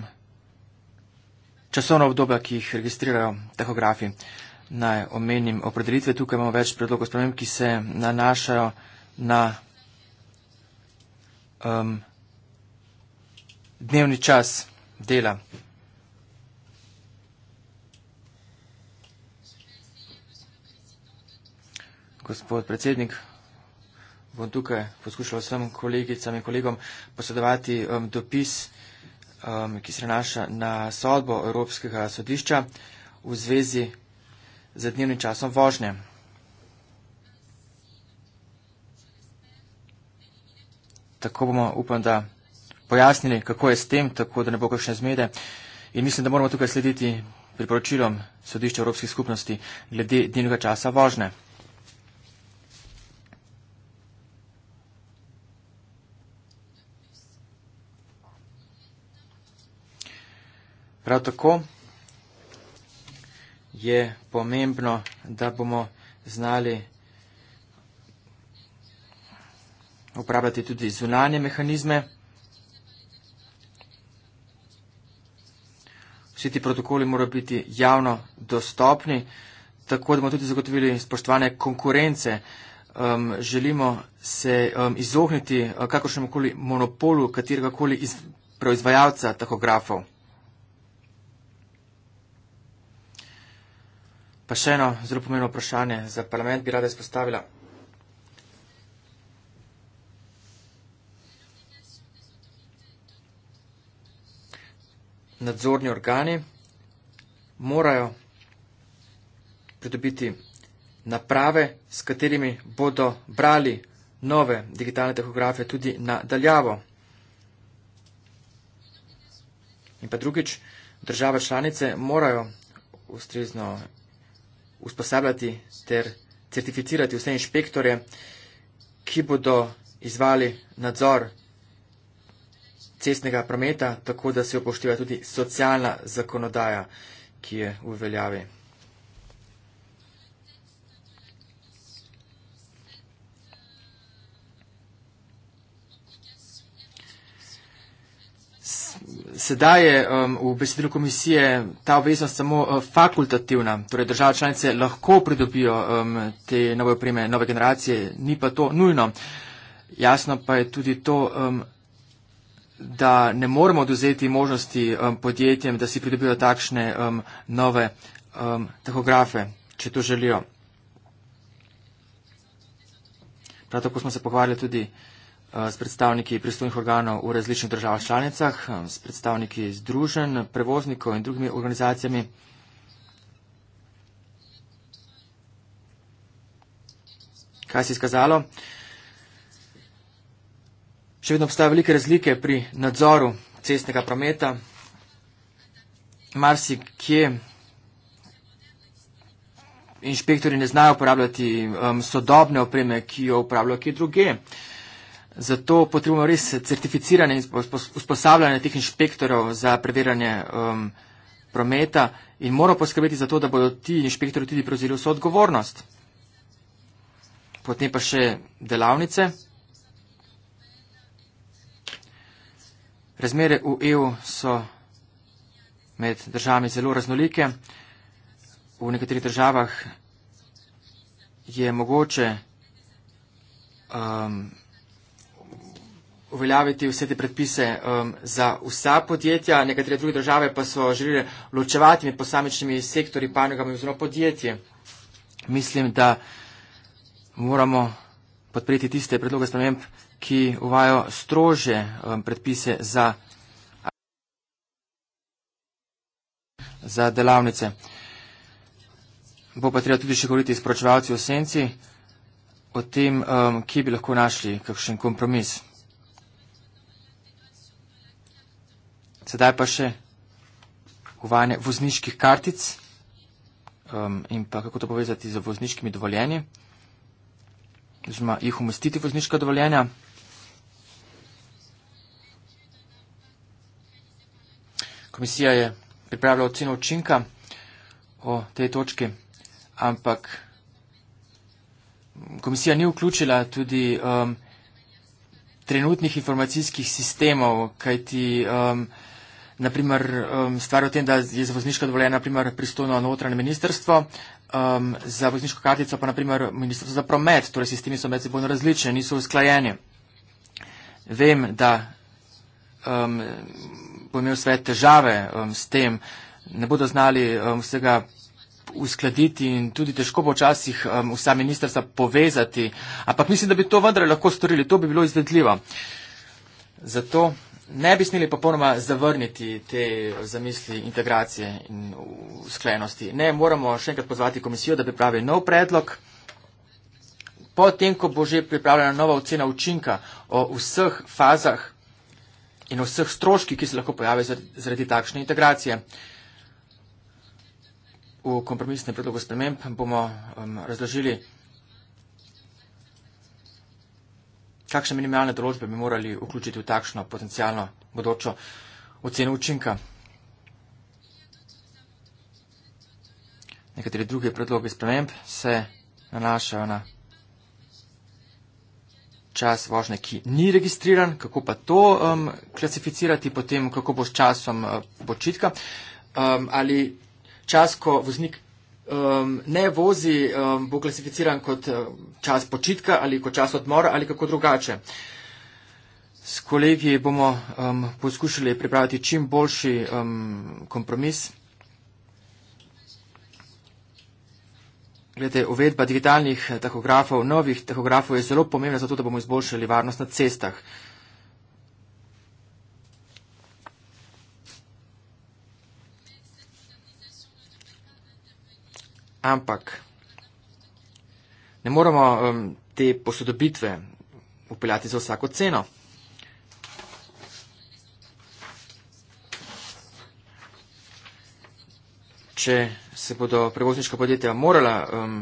časovna obdobja, ki jih registrirajo tehografi. Naj omenim opredelitve. Tukaj imamo več predlogov sprememb, ki se nanašajo na um, dnevni čas dela. Gospod predsednik, bom tukaj poskušal vsem kolegicam in kolegom posredovati um, dopis um, ki se nanaša na sodbo Evropskega sodišča v zvezi z dnevnim časom vožnje. Tako bomo, upam, da pojasnili, kako je s tem, tako da ne bo kakšne zmede. In mislim, da moramo tukaj slediti priporočilom sodišča Evropskih skupnosti glede dnevnega časa vožnje. Prav tako je pomembno, da bomo znali uporabljati tudi zunanje mehanizme. Vsi ti protokoli morajo biti javno dostopni, tako da bomo tudi zagotovili spoštovane konkurence. Um, želimo se um, izogniti uh, kakršnemu koli monopolu katerega koli iz, proizvajalca tahografov. Pa še eno zelo pomembno vprašanje za parlament bi rada izpostavila. Nadzorni organi morajo pridobiti naprave, s katerimi bodo brali nove digitalne tehografije tudi nadaljavo. In pa drugič, države članice morajo ustrezno usposabljati ter certificirati vse inšpektore, ki bodo izvali nadzor cestnega prometa, tako da se upošteva tudi socialna zakonodaja, ki je uveljavljena. Sedaj je um, v besedilu komisije ta obveznost samo uh, fakultativna, torej države članice lahko pridobijo um, te nove opreme, nove generacije, ni pa to nujno. Jasno pa je tudi to, um, da ne moramo oduzeti možnosti um, podjetjem, da si pridobijo takšne um, nove um, tahografe, če to želijo. Prav tako smo se pohvalili tudi. Eh, s predstavniki pristojnih organov v različnih državah članicah, eh, s predstavniki združen, prevoznikov in drugimi organizacijami. Kaj se je skazalo? Še vedno obstajajo velike razlike pri nadzoru cestnega prometa. Marsi kje inšpektori ne znajo uporabljati um, sodobne opreme, ki jo uporabljajo kje druge. Zato potrebujemo res certificirane in usposabljanje teh inšpektorov za preverjanje um, prometa in moramo poskrbeti za to, da bodo ti inšpektori tudi prevzeli vso odgovornost. Potem pa še delavnice. Razmere v EU so med državami zelo raznolike. V nekaterih državah je mogoče. Um, uveljaviti vse te predpise um, za vsa podjetja, nekatere druge države pa so želeli ločevati med posamičnimi sektori panogami oziroma podjetje. Mislim, da moramo podpreti tiste predloge sprememb, ki uvajo strože um, predpise za, za delavnice. Bo pa treba tudi še govoriti s pročevalci v senci o tem, um, ki bi lahko našli kakšen kompromis. Sedaj pa še uvajanje vozniških kartic um, in pa kako to povezati z vozniškimi dovoljenji. Zma jih umestiti vozniška dovoljenja. Komisija je pripravila oceno učinka o tej točki, ampak komisija ni vključila tudi um, trenutnih informacijskih sistemov, kajti um, naprimer, um, stvar o tem, da je za vozniško dovoljenje naprimer pristojno notranje ministrstvo, um, za vozniško kartico pa naprimer ministrstvo za promet, torej sistemi so medsebojno različni, niso usklajeni. Vem, da um, bo imel svet težave um, s tem, ne bodo znali um, vsega uskladiti in tudi težko bo včasih um, vsa ministrstva povezati, ampak mislim, da bi to vendar lahko storili, to bi bilo izvedljivo. Zato ne bi smeli popolnoma zavrniti te zamisli integracije in usklenosti. Ne, moramo še enkrat pozvati komisijo, da pripravi nov predlog. Potem, ko bo že pripravljena nova ocena učinka o vseh fazah in vseh stroških, ki se lahko pojavijo zaradi takšne integracije, v kompromisnem predlogu sprememb bomo um, razložili kakšne minimalne določbe bi morali vključiti v takšno potencijalno bodočo oceno učinka. Nekateri druge predloge sprememb se nanašajo na čas vožnje, ki ni registriran, kako pa to um, klasificirati, potem kako bo s časom uh, počitka. Um, ali čas, ko voznik um, ne vozi, um, bo klasificiran kot čas počitka ali kot čas odmora ali kako drugače. S kolegi bomo um, poskušali pripraviti čim boljši um, kompromis. Glede uvedba digitalnih tahografov, novih tahografov je zelo pomembna zato, da bomo izboljšali varnost na cestah. ampak ne moramo um, te posodobitve upeljati za vsako ceno. Če se bodo prevozniška podjetja morala um,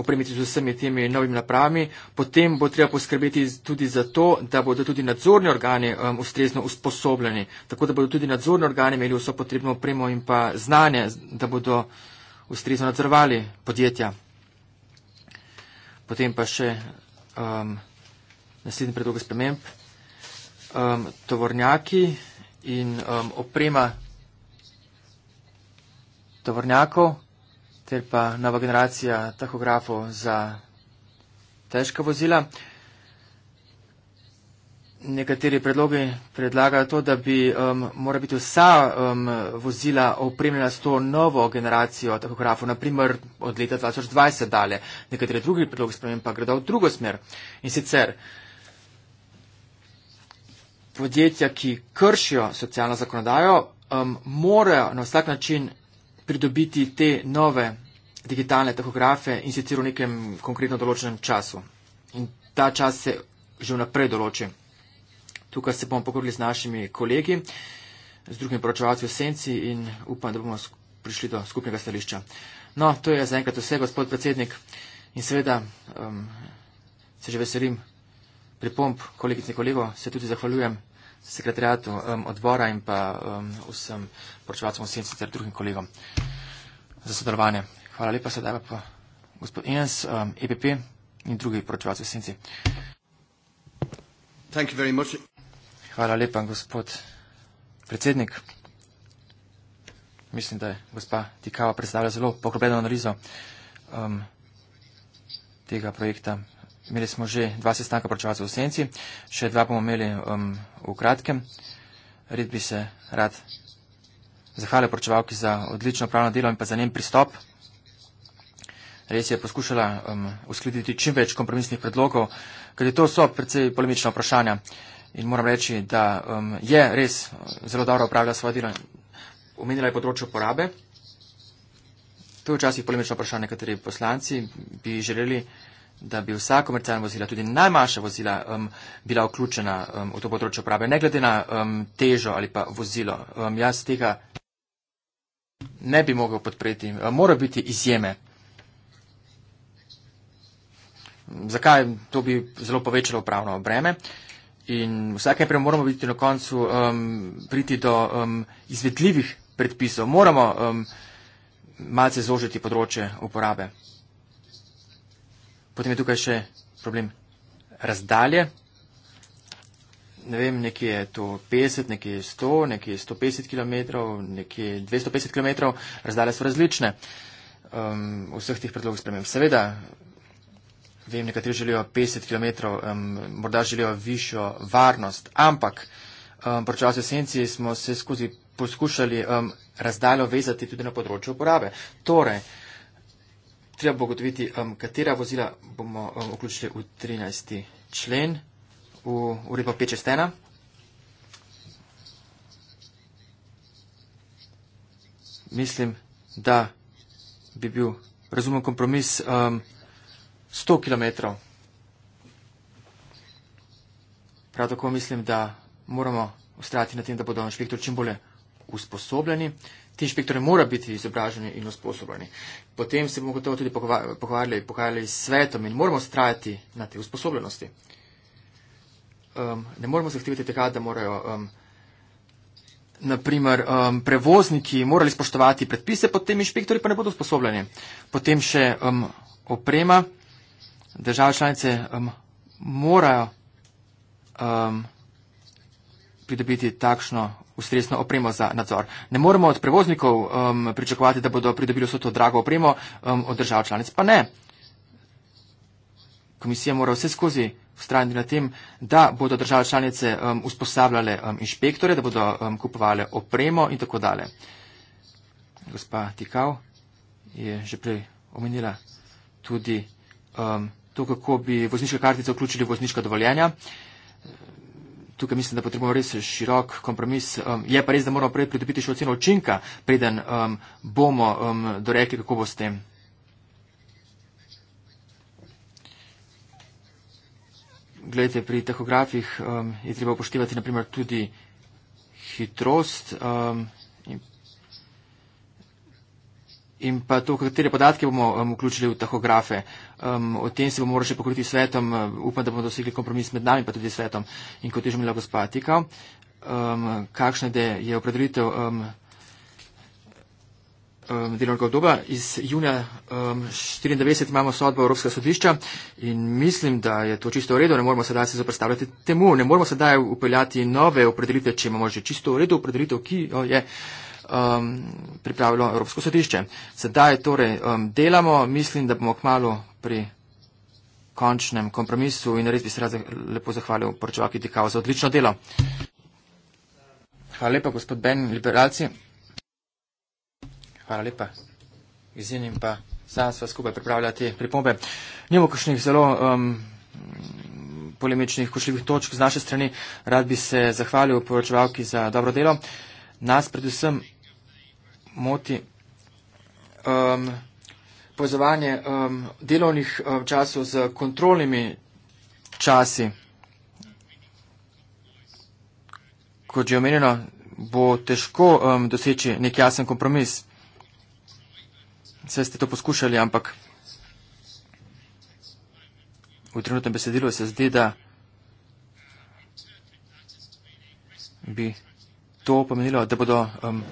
opremiti z vsemi temi novimi napravami, potem bo treba poskrbeti tudi za to, da bodo tudi nadzorni organi um, ustrezno usposobljeni, tako da bodo tudi nadzorni organi imeli vso potrebno opremo in pa znanje, da bodo ustrezno nadzorovali podjetja. Potem pa še um, naslednji predlog sprememb. Um, tovornjaki in um, oprema tovornjakov ter pa nova generacija tahografov za težka vozila nekateri predlogi predlagajo to, da bi um, mora biti vsa um, vozila opremljena s to novo generacijo takografov, naprimer od leta 2020 dalje. Nekateri drugi predlogi spremem pa gredo v drugo smer. In sicer podjetja, ki kršijo socialno zakonodajo, um, morajo na vsak način pridobiti te nove digitalne takografe in sicer v nekem konkretno določenem času. In ta čas se že vnaprej določi. Tukaj se bomo pogovorili z našimi kolegi, z drugimi poročevalci v senci in upam, da bomo prišli do skupnega stališča. No, to je zaenkrat vse, gospod predsednik. In seveda um, se že veselim pripomp kolegic in kolegov, se tudi zahvaljujem sekretarjatu um, odbora in pa um, vsem poročevalcem v senci ter drugim kolegom za sodelovanje. Hvala lepa, sedaj pa gospod Enes, um, EPP in drugi poročevalci v senci. Thank you very much. Hvala lepa, gospod predsednik. Mislim, da je gospa Tikava predstavlja zelo poglobljeno analizo um, tega projekta. Imeli smo že dva sestanka pročevalcev v Senci, še dva bomo imeli um, v kratkem. Red bi se rad zahvalil pročevalki za odlično pravno delo in pa za njen pristop. Res je poskušala um, uskladiti čim več kompromisnih predlogov, ker to so precej polemična vprašanja in moram reči, da um, je res uh, zelo dobro opravlja svoje delo. Omenila je področje porabe. To je včasih polemično vprašanje, kateri poslanci bi želeli, da bi vsa komercialna vozila, tudi najmanjša vozila, um, bila vključena um, v to področje uporabe, ne glede na um, težo ali pa vozilo. Um, jaz tega ne bi mogel podpreti. Um, mora biti izjeme. Zakaj? To bi zelo povečalo upravno breme in vsake prej moramo biti na koncu um, priti do um, izvedljivih predpisov. Moramo um, malce zožiti področje uporabe. Potem je tukaj še problem razdalje. Ne vem, nekje je to 50, nekje je 100, nekje je 150 km, nekje 250 km. Razdalje so različne. Um, vseh tih predlogov spremem. Seveda, vem, nekateri želijo 50 km, um, morda želijo višjo varnost, ampak um, pri času esenci smo se skozi poskušali um, razdaljo vezati tudi na področju uporabe. Torej, treba bo gotoviti, um, katera vozila bomo um, vključili v 13. člen v uredbo 561. Mislim, da bi bil razumen kompromis. Um, 100 km. Prav tako mislim, da moramo ustrajati na tem, da bodo inšpektori čim bolje usposobljeni. Ti inšpektori mora biti izobraženi in usposobljeni. Potem se bomo gotovo tudi pogovarjali, pogovarjali s svetom in moramo ustrajati na te usposobljenosti. Um, ne moramo zahtevati tega, da morajo um, naprimer um, prevozniki morali spoštovati predpise, potem inšpektori pa ne bodo usposobljeni. Potem še um, oprema države članice um, morajo um, pridobiti takšno ustresno opremo za nadzor. Ne moremo od prevoznikov um, pričakovati, da bodo pridobili vso to drago opremo, um, od držav članic pa ne. Komisija mora vse skozi ustrajati na tem, da bodo države članice um, usposabljale um, inšpektore, da bodo um, kupovale opremo in tako dalje. Gospa Tikal je že prej omenila tudi um, to, kako bi vozniške kartice vključili v vozniška dovoljenja. Tukaj mislim, da potrebujemo res širok kompromis. Um, je pa res, da moramo prej pridobiti še oceno učinka, preden um, bomo um, dorekli, kako bo s tem. Glede pri tehografih um, je treba upoštevati naprimer tudi hitrost. Um, in pa to, katere podatke bomo um, vključili v tahografe. Um, o tem se bomo morali še pokriti svetom. Uh, upam, da bomo dosegli kompromis med nami pa tudi svetom. In kot je že imela gospa Tika, um, kakšna je opredelitev um, um, delovnega obdoba. Iz junija 1994 um, imamo sodbo Evropskega sodišča in mislim, da je to čisto v redu. Ne moramo sedaj se zaprstavljati temu. Ne moramo sedaj upeljati nove opredelitve, če imamo že čisto v redu opredelitev, ki jo je. Oh, yeah um, pripravilo Evropsko sodišče. Sedaj torej um, delamo, mislim, da bomo kmalo pri končnem kompromisu in res bi se rad lepo zahvalil poročevalki Dikao za odlično delo. Hvala lepa, gospod Ben, liberalci. Hvala lepa. Izjenim pa sam sva skupaj pripravljala te pripombe. Nimamo kakšnih zelo um, polemičnih, košljivih točk z naše strani. Rad bi se zahvalil poročevalki za dobro delo. Nas predvsem moti. Um, povezovanje um, delovnih um, časov z kontrolnimi časi. Kot že omenjeno, bo težko um, doseči nek jasen kompromis. Vse ste to poskušali, ampak v trenutnem besedilu se zdi, da bi to pomenilo, da bodo um,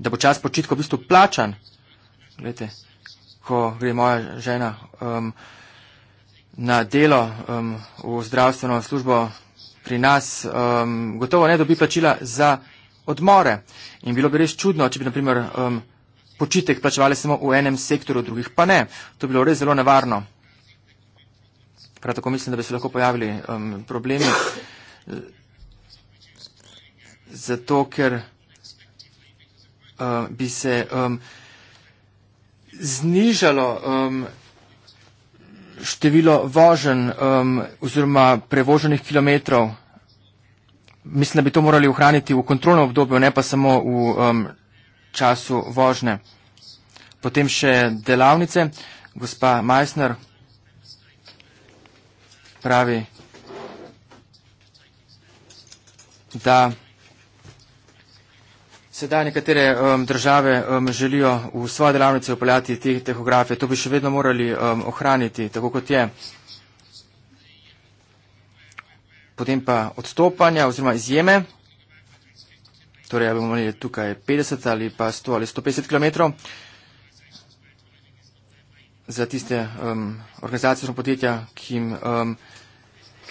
da bo čas počitka v bistvu plačan. Glede, ko gre moja žena um, na delo um, v zdravstveno službo pri nas, um, gotovo ne dobi plačila za odmore. In bilo bi res čudno, če bi naprimer um, počitek plačevali samo v enem sektorju, drugih pa ne. To bi bilo res zelo nevarno. Prav tako mislim, da bi se lahko pojavili um, problemi. Zato, ker Um, bi se um, znižalo um, število vožen um, oziroma prevoženih kilometrov. Mislim, da bi to morali ohraniti v kontrolnem obdobju, ne pa samo v um, času vožne. Potem še delavnice. Gospa Majsner pravi, da Sedaj nekatere um, države um, želijo v svoje delavnice upeljati te tehografije. To bi še vedno morali um, ohraniti, tako kot je. Potem pa odstopanja oziroma izjeme. Torej, ja bomo imeli tukaj 50 ali pa 100 ali 150 km. Za tiste um, organizacije in podjetja, ki jim um,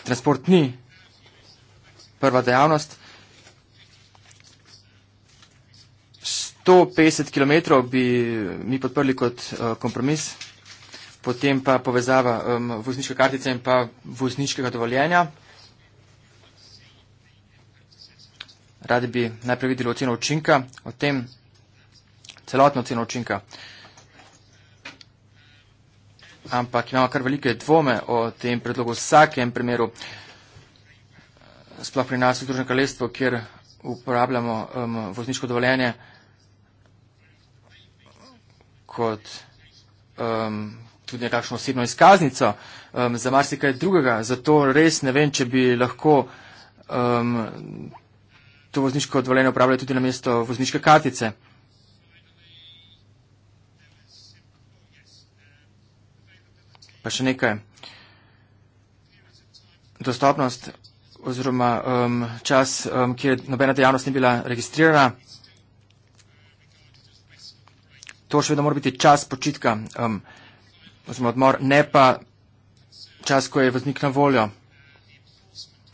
transport ni prva dejavnost. 150 km bi mi podprli kot eh, kompromis, potem pa povezava vozniške kartice in pa vozničkega dovoljenja. Radi bi najprej videli oceno učinka, o tem celotno oceno učinka. Ampak imamo kar velike dvome o tem predlogu vsakem primeru, eh, sploh pri nas v Združenem kraljestvu, kjer uporabljamo um, vozniško dovoljenje kot um, tudi nekakšno osebno izkaznico um, za marsikaj drugega. Zato res ne vem, če bi lahko um, to vozniško odvoljenje upravljali tudi na mesto vozniške kartice. Pa še nekaj. Dostopnost oziroma um, čas, um, kjer nobena dejavnost ni bila registrirana to še vedno mora biti čas počitka, um, oziroma odmor, ne pa čas, ko je voznik na voljo,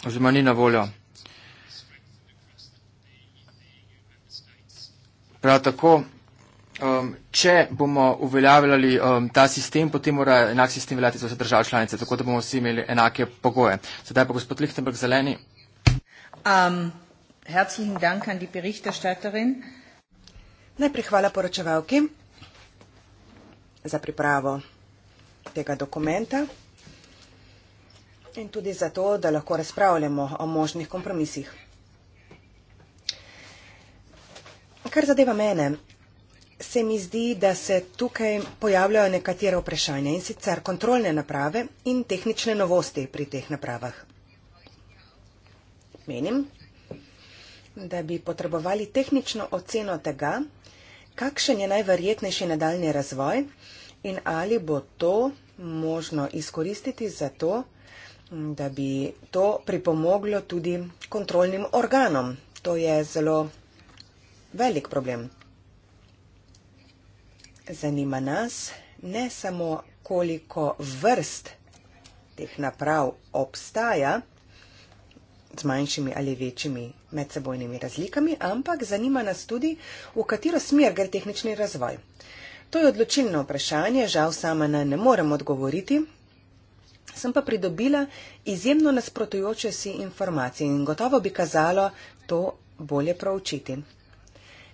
oziroma ni na voljo. Prav tako, um, če bomo uveljavljali um, ta sistem, potem mora enak sistem veljati za vse države članice, tako da bomo vsi imeli enake pogoje. Sedaj pa gospod Lichtenberg, zeleni. Um, herzlichen Dank an die Berichterstatterin. Najprej hvala poročevalki za pripravo tega dokumenta in tudi zato, da lahko razpravljamo o možnih kompromisih. Kar zadeva mene, se mi zdi, da se tukaj pojavljajo nekatere vprašanja in sicer kontrolne naprave in tehnične novosti pri teh napravah. Menim, da bi potrebovali tehnično oceno tega, kakšen je najverjetnejši nadaljni razvoj in ali bo to možno izkoristiti za to, da bi to pripomoglo tudi kontrolnim organom. To je zelo velik problem. Zanima nas ne samo, koliko vrst teh naprav obstaja z manjšimi ali večjimi medsebojnimi razlikami, ampak zanima nas tudi, v katero smer gre tehnični razvoj. To je odločilno vprašanje, žal sama na ne morem odgovoriti. Sem pa pridobila izjemno nasprotujoče si informacije in gotovo bi kazalo to bolje proučiti.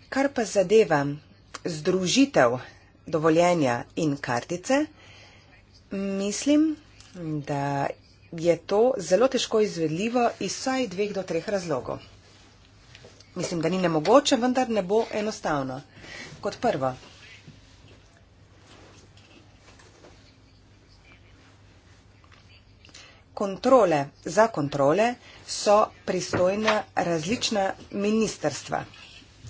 Kar pa zadeva združitev dovoljenja in kartice, mislim, da je to zelo težko izvedljivo iz vsaj dveh do treh razlogov mislim, da ni nemogoče, vendar ne bo enostavno. Kot prvo. Kontrole za kontrole so pristojna različna ministerstva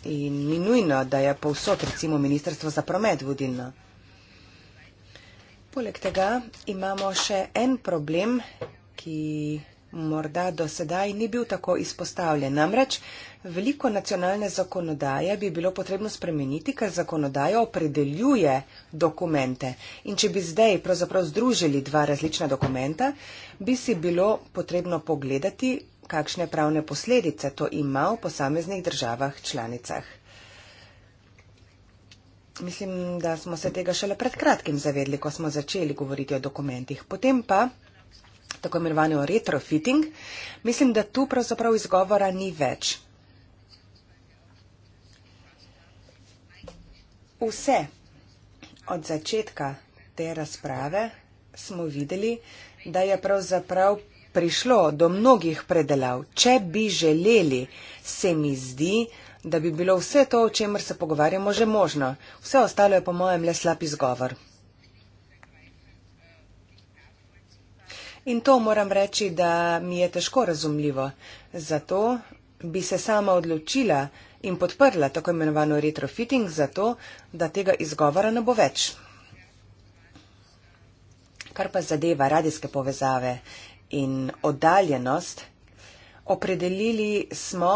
in ni nujno, da je povsod recimo ministerstvo za promet vodilno. Poleg tega imamo še en problem, ki je morda do sedaj ni bil tako izpostavljen. Namreč veliko nacionalne zakonodaje bi bilo potrebno spremeniti, ker zakonodaja opredeljuje dokumente. In če bi zdaj pravzaprav združili dva različna dokumenta, bi si bilo potrebno pogledati, kakšne pravne posledice to ima v posameznih državah članicah. Mislim, da smo se tega šele pred kratkim zavedli, ko smo začeli govoriti o dokumentih. Potem pa tako imenovani retrofitting, mislim, da tu pravzaprav izgovora ni več. Vse od začetka te razprave smo videli, da je pravzaprav prišlo do mnogih predelav. Če bi želeli, se mi zdi, da bi bilo vse to, o čemer se pogovarjamo, že možno. Vse ostalo je po mojem le slab izgovor. In to moram reči, da mi je težko razumljivo. Zato bi se sama odločila in podprla tako imenovano retrofitting, zato da tega izgovora ne bo več. Kar pa zadeva radijske povezave in oddaljenost, opredelili smo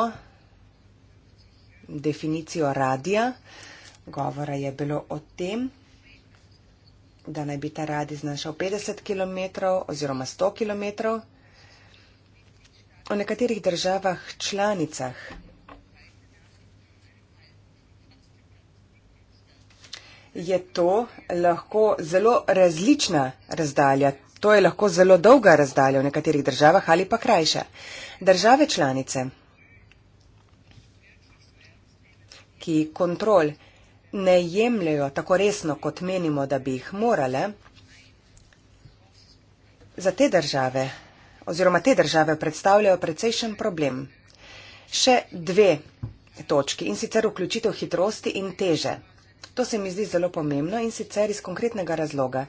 definicijo radija, govora je bilo o tem, da naj bi ta radij znašal 50 km oziroma 100 km. V nekaterih državah članicah je to lahko zelo različna razdalja. To je lahko zelo dolga razdalja v nekaterih državah ali pa krajša. Države članice, ki kontrol ne jemljajo tako resno, kot menimo, da bi jih morale, za te države oziroma te države predstavljajo precejšen problem. Še dve točki in sicer vključitev hitrosti in teže. To se mi zdi zelo pomembno in sicer iz konkretnega razloga.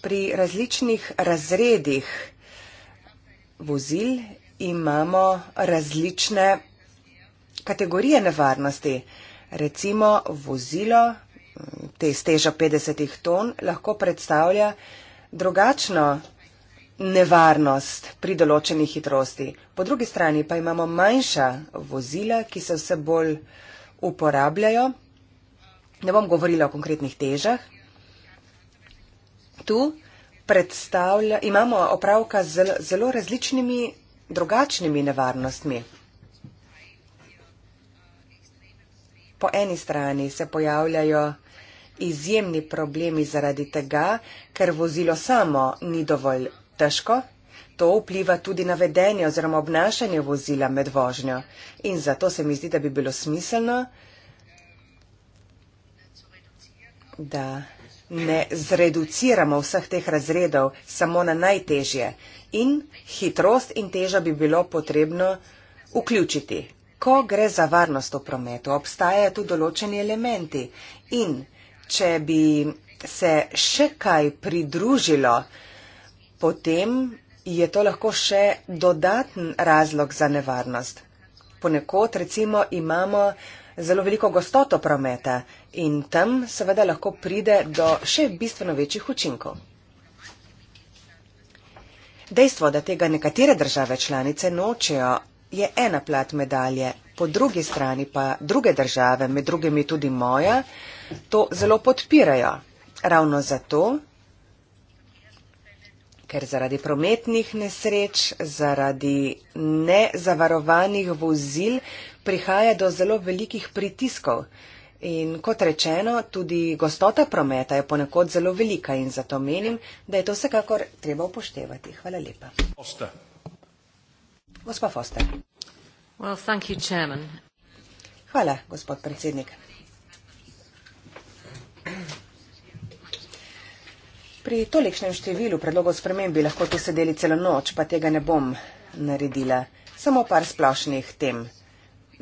Pri različnih razredih vozil imamo različne kategorije nevarnosti recimo vozilo te steža 50 ton lahko predstavlja drugačno nevarnost pri določeni hitrosti. Po drugi strani pa imamo manjša vozila, ki se vse bolj uporabljajo. Ne bom govorila o konkretnih težah. Tu imamo opravka z zelo različnimi, drugačnimi nevarnostmi. po eni strani se pojavljajo izjemni problemi zaradi tega, ker vozilo samo ni dovolj težko. To vpliva tudi na vedenje oziroma obnašanje vozila med vožnjo. In zato se mi zdi, da bi bilo smiselno, da ne zreduciramo vseh teh razredov samo na najtežje. In hitrost in teža bi bilo potrebno vključiti. Ko gre za varnost v prometu, obstajajo tu določeni elementi in če bi se še kaj pridružilo, potem je to lahko še dodaten razlog za nevarnost. Ponekod recimo imamo zelo veliko gostoto prometa in tam seveda lahko pride do še bistveno večjih učinkov. Dejstvo, da tega nekatere države članice nočejo je ena plat medalje, po drugi strani pa druge države, med drugimi tudi moja, to zelo podpirajo. Ravno zato, ker zaradi prometnih nesreč, zaradi nezavarovanih vozil prihaja do zelo velikih pritiskov. In kot rečeno, tudi gostota prometa je ponekod zelo velika in zato menim, da je to vsekakor treba upoštevati. Hvala lepa. Osta gospa Foster. Well, thank you, chairman. Hvala, gospod predsednik. Pri tolikšnem številu predlogov sprememb bi lahko tu sedeli celo noč, pa tega ne bom naredila. Samo par splošnih tem.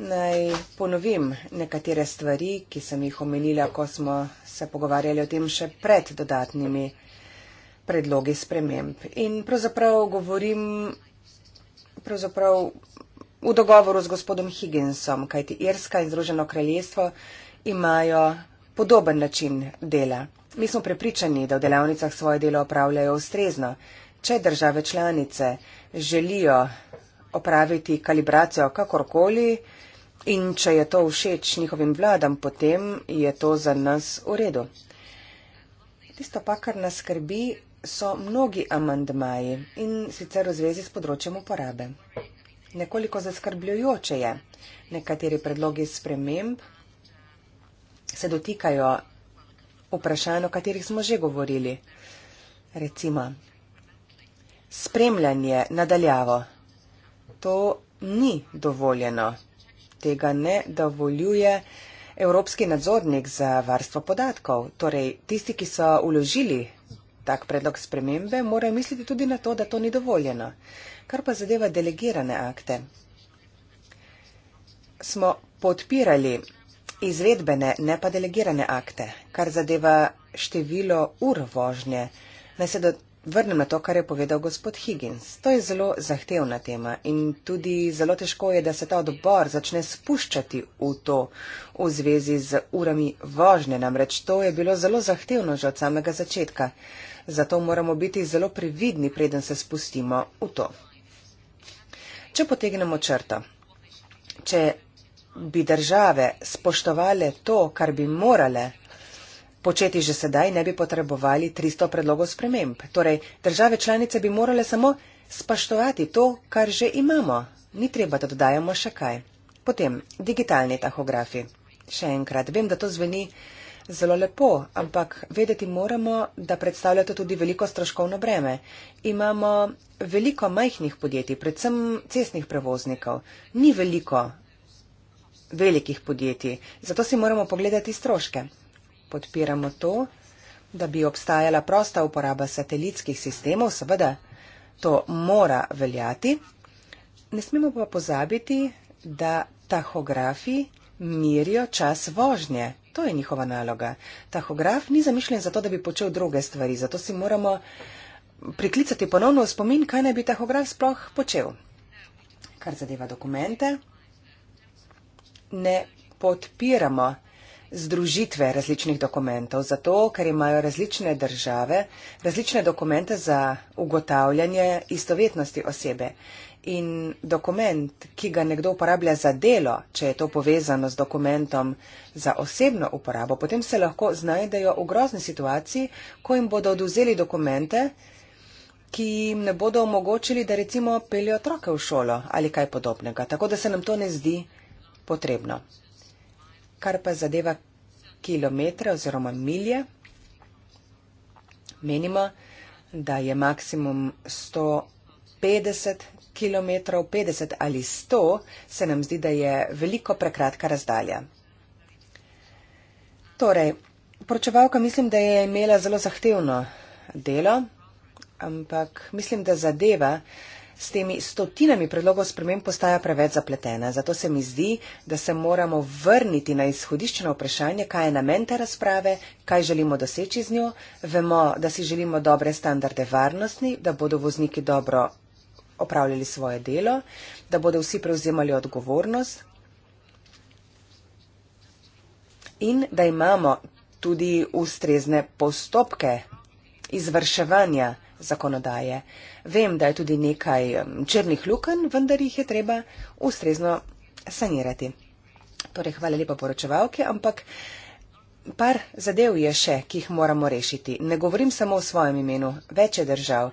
Naj ponovim nekatere stvari, ki sem jih omenila, ko smo se pogovarjali o tem še pred dodatnimi predlogi sprememb. In pravzaprav govorim pravzaprav v dogovoru z gospodom Higginsom, kajti Irska in Združeno kraljestvo imajo podoben način dela. Mi smo prepričani, da v delavnicah svoje delo opravljajo ustrezno. Če države članice želijo opraviti kalibracijo kakorkoli in če je to všeč njihovim vladam, potem je to za nas v redu. Tisto pa, kar nas skrbi, so mnogi amandmaji in sicer v zvezi s področjem uporabe. Nekoliko zaskrbljujoče je. Nekateri predlogi sprememb se dotikajo vprašanj, o katerih smo že govorili. Recimo, spremljanje nadaljavo. To ni dovoljeno. Tega ne dovoljuje Evropski nadzornik za varstvo podatkov. Torej, tisti, ki so uložili tak predlog spremembe, morajo misliti tudi na to, da to ni dovoljeno. Kar pa zadeva delegirane akte, smo podpirali izvedbene, ne pa delegirane akte, kar zadeva število ur vožnje. Naj se vrnem na to, kar je povedal gospod Higgins. To je zelo zahtevna tema in tudi zelo težko je, da se ta odbor začne spuščati v to v zvezi z urami vožnje. Namreč to je bilo zelo zahtevno že od samega začetka zato moramo biti zelo previdni, preden se spustimo v to. Če potegnemo črto, če bi države spoštovale to, kar bi morale početi že sedaj, ne bi potrebovali 300 predlogov sprememb. Torej, države članice bi morale samo spoštovati to, kar že imamo. Ni treba, da dodajamo še kaj. Potem, digitalni tahografi. Še enkrat, vem, da to zveni zelo lepo, ampak vedeti moramo, da predstavljate tudi veliko stroškovno breme. Imamo veliko majhnih podjetij, predvsem cestnih prevoznikov. Ni veliko velikih podjetij, zato si moramo pogledati stroške. Podpiramo to, da bi obstajala prosta uporaba satelitskih sistemov, seveda to mora veljati. Ne smemo pa pozabiti, da tahografi merijo čas vožnje. To je njihova naloga. Tahograf ni zamišljen zato, da bi počel druge stvari, zato si moramo priklicati ponovno v spomin, kaj naj bi tahograf sploh počel. Kar zadeva dokumente, ne podpiramo združitve različnih dokumentov, zato ker imajo različne države različne dokumente za ugotavljanje istovetnosti osebe. In dokument, ki ga nekdo uporablja za delo, če je to povezano z dokumentom za osebno uporabo, potem se lahko znajdejo v grozni situaciji, ko jim bodo oduzeli dokumente, ki jim ne bodo omogočili, da recimo peljejo otroke v šolo ali kaj podobnega. Tako da se nam to ne zdi potrebno. Kar pa zadeva kilometre oziroma milje, menimo, da je maksimum 100. 50 km 50 ali 100, se nam zdi, da je veliko prekratka razdalja. Torej, poročevalka mislim, da je imela zelo zahtevno delo, ampak mislim, da zadeva s temi stotinami predlogov sprememb postaja preveč zapletena. Zato se mi zdi, da se moramo vrniti na izhodiščeno vprašanje, kaj je namen te razprave, kaj želimo doseči z njo. Vemo, da si želimo dobre standarde varnosti, da bodo vozniki dobro opravljali svoje delo, da bodo vsi prevzemali odgovornost in da imamo tudi ustrezne postopke izvrševanja zakonodaje. Vem, da je tudi nekaj črnih luken, vendar jih je treba ustrezno sanirati. Torej, hvala lepa poročevalke, ampak par zadev je še, ki jih moramo rešiti. Ne govorim samo o svojem imenu, več je držav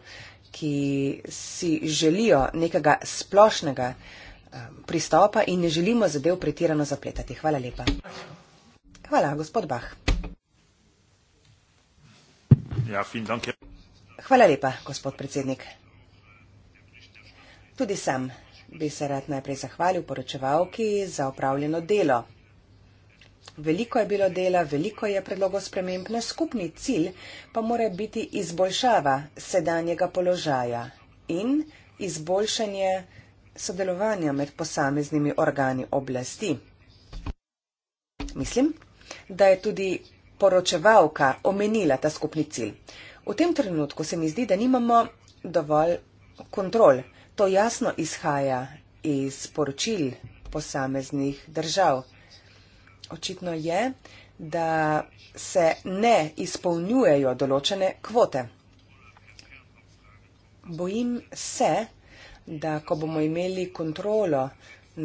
ki si želijo nekega splošnega um, pristopa in ne želimo zadev pretirano zapletati. Hvala lepa. Hvala, gospod Bah. Ja, fin, ja. Hvala lepa, gospod predsednik. Tudi sam bi se rad najprej zahvalil poročevalki za opravljeno delo. Veliko je bilo dela, veliko je predlogov sprememb, naš skupni cilj pa mora biti izboljšava sedanjega položaja in izboljšanje sodelovanja med posameznimi organi oblasti. Mislim, da je tudi poročevalka omenila ta skupni cilj. V tem trenutku se mi zdi, da nimamo dovolj kontrol. To jasno izhaja iz poročil posameznih držav očitno je, da se ne izpolnjujejo določene kvote. Bojim se, da ko bomo imeli kontrolo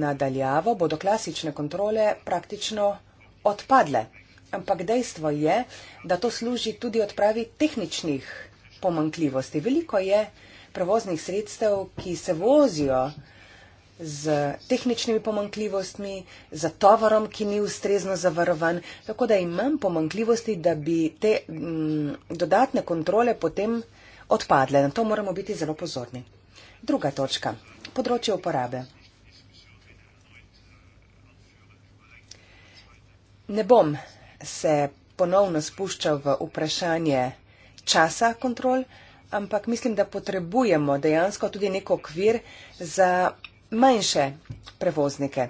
nadaljavo, bodo klasične kontrole praktično odpadle. Ampak dejstvo je, da to služi tudi odpravi tehničnih pomankljivosti. Veliko je prevoznih sredstev, ki se vozijo z tehničnimi pomankljivostmi, z tovorom, ki ni ustrezno zavarovan. Tako da imam pomankljivosti, da bi te m, mm, dodatne kontrole potem odpadle. Na to moramo biti zelo pozorni. Druga točka. Področje uporabe. Ne bom se ponovno spuščal v vprašanje časa kontrol, ampak mislim, da potrebujemo dejansko tudi nek okvir za manjše prevoznike.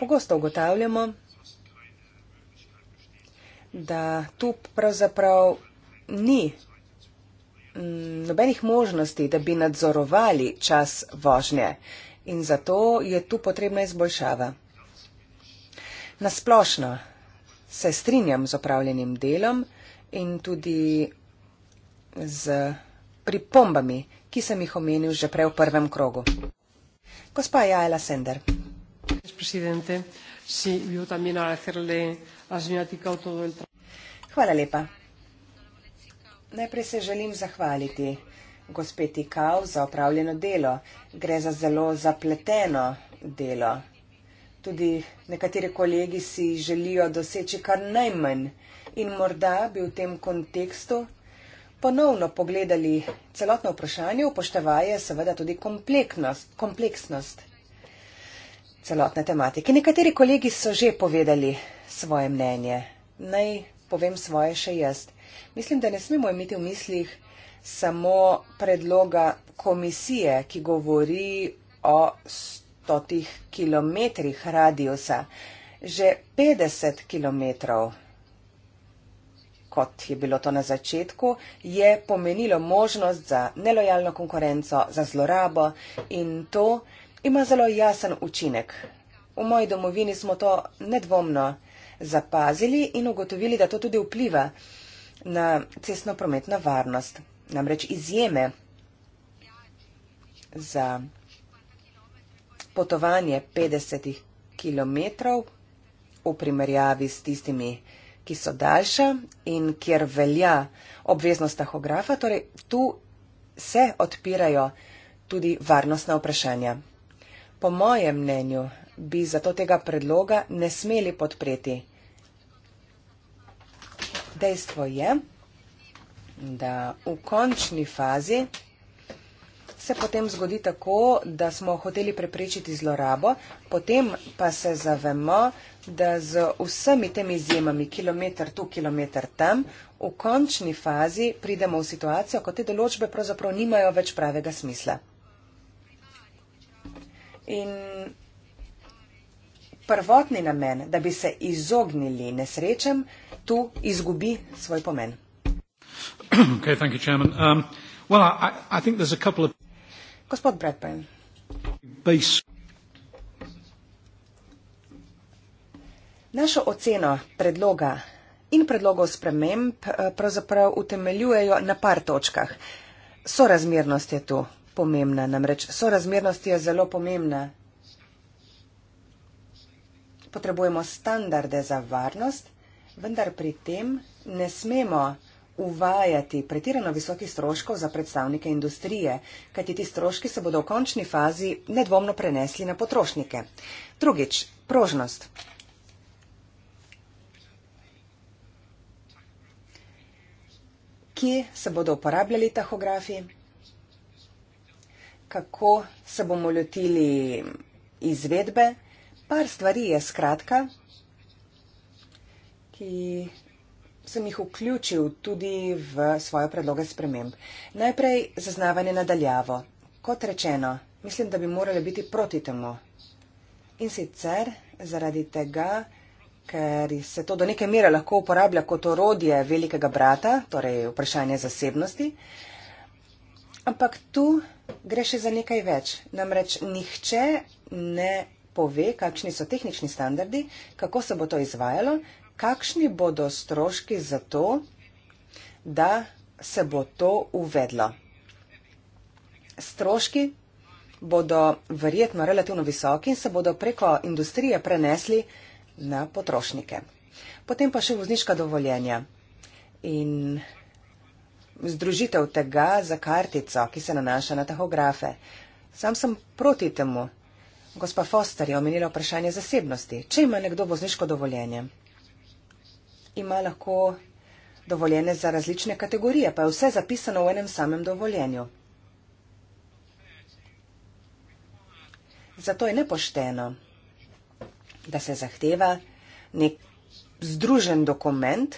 Pogosto ugotavljamo, da tu pravzaprav ni mm, nobenih možnosti, da bi nadzorovali čas vožnje in zato je tu potrebna izboljšava. Nasplošno se strinjam z opravljenim delom in tudi z pripombami, ki sem jih omenil že prej v prvem krogu. Gospa Jajla Sender. Hvala lepa. Najprej se želim zahvaliti gospeti Kau za opravljeno delo. Gre za zelo zapleteno delo. Tudi nekateri kolegi si želijo doseči kar najmanj in morda bi v tem kontekstu ponovno pogledali celotno vprašanje, upoštevaje seveda tudi kompleksnost celotne tematike. Nekateri kolegi so že povedali svoje mnenje. Naj povem svoje še jaz. Mislim, da ne smemo imeti v mislih samo predloga komisije, ki govori o stotih kilometrih radijusa. Že 50 kilometrov kot je bilo to na začetku, je pomenilo možnost za nelojalno konkurenco, za zlorabo in to ima zelo jasen učinek. V moji domovini smo to nedvomno zapazili in ugotovili, da to tudi vpliva na cestno prometno varnost. Namreč izjeme za potovanje 50 km v primerjavi s tistimi ki so daljša in kjer velja obveznost tahografa, torej tu se odpirajo tudi varnostna vprašanja. Po mojem mnenju bi zato tega predloga ne smeli podpreti. Dejstvo je, da v končni fazi se potem zgodi tako, da smo hoteli preprečiti zlorabo, potem pa se zavemo, da z vsemi temi izjemami, kilometr tu, kilometr tam, v končni fazi pridemo v situacijo, ko te določbe pravzaprav nimajo več pravega smisla. In prvotni namen, da bi se izognili nesrečem, tu izgubi svoj pomen. Okay, thank you, chairman. Um, well, I, I think there's a couple of Našo oceno predloga in predlogov sprememb eh, pravzaprav utemeljujejo na par točkah. Sorazmernost je tu pomembna, namreč sorazmernost je zelo pomembna. Potrebujemo standarde za varnost, vendar pri tem ne smemo uvajati pretirano visokih stroškov za predstavnike industrije, kajti ti stroški se bodo v končni fazi nedvomno prenesli na potrošnike. Drugič, prožnost. Kje se bodo uporabljali tahografi? Kako se bomo lotili izvedbe? Par stvari je skratka, ki sem jih vključil tudi v svoje predloge sprememb. Najprej zaznavanje nadaljavo. Kot rečeno, mislim, da bi morali biti proti temu. In sicer zaradi tega, ker se to do neke mere lahko uporablja kot orodje velikega brata, torej vprašanje zasebnosti. Ampak tu gre še za nekaj več. Namreč nihče ne pove, kakšni so tehnični standardi, kako se bo to izvajalo, kakšni bodo stroški za to, da se bo to uvedlo. Stroški bodo verjetno relativno visoki in se bodo preko industrije prenesli na potrošnike. Potem pa še vozniška dovoljenja in združitev tega za kartico, ki se nanaša na tahografe. Sam sem proti temu. Gospa Foster je omenila vprašanje zasebnosti. Če ima nekdo vozniško dovoljenje, ima lahko dovoljene za različne kategorije, pa je vse zapisano v enem samem dovoljenju. Zato je nepošteno, da se zahteva nek združen dokument.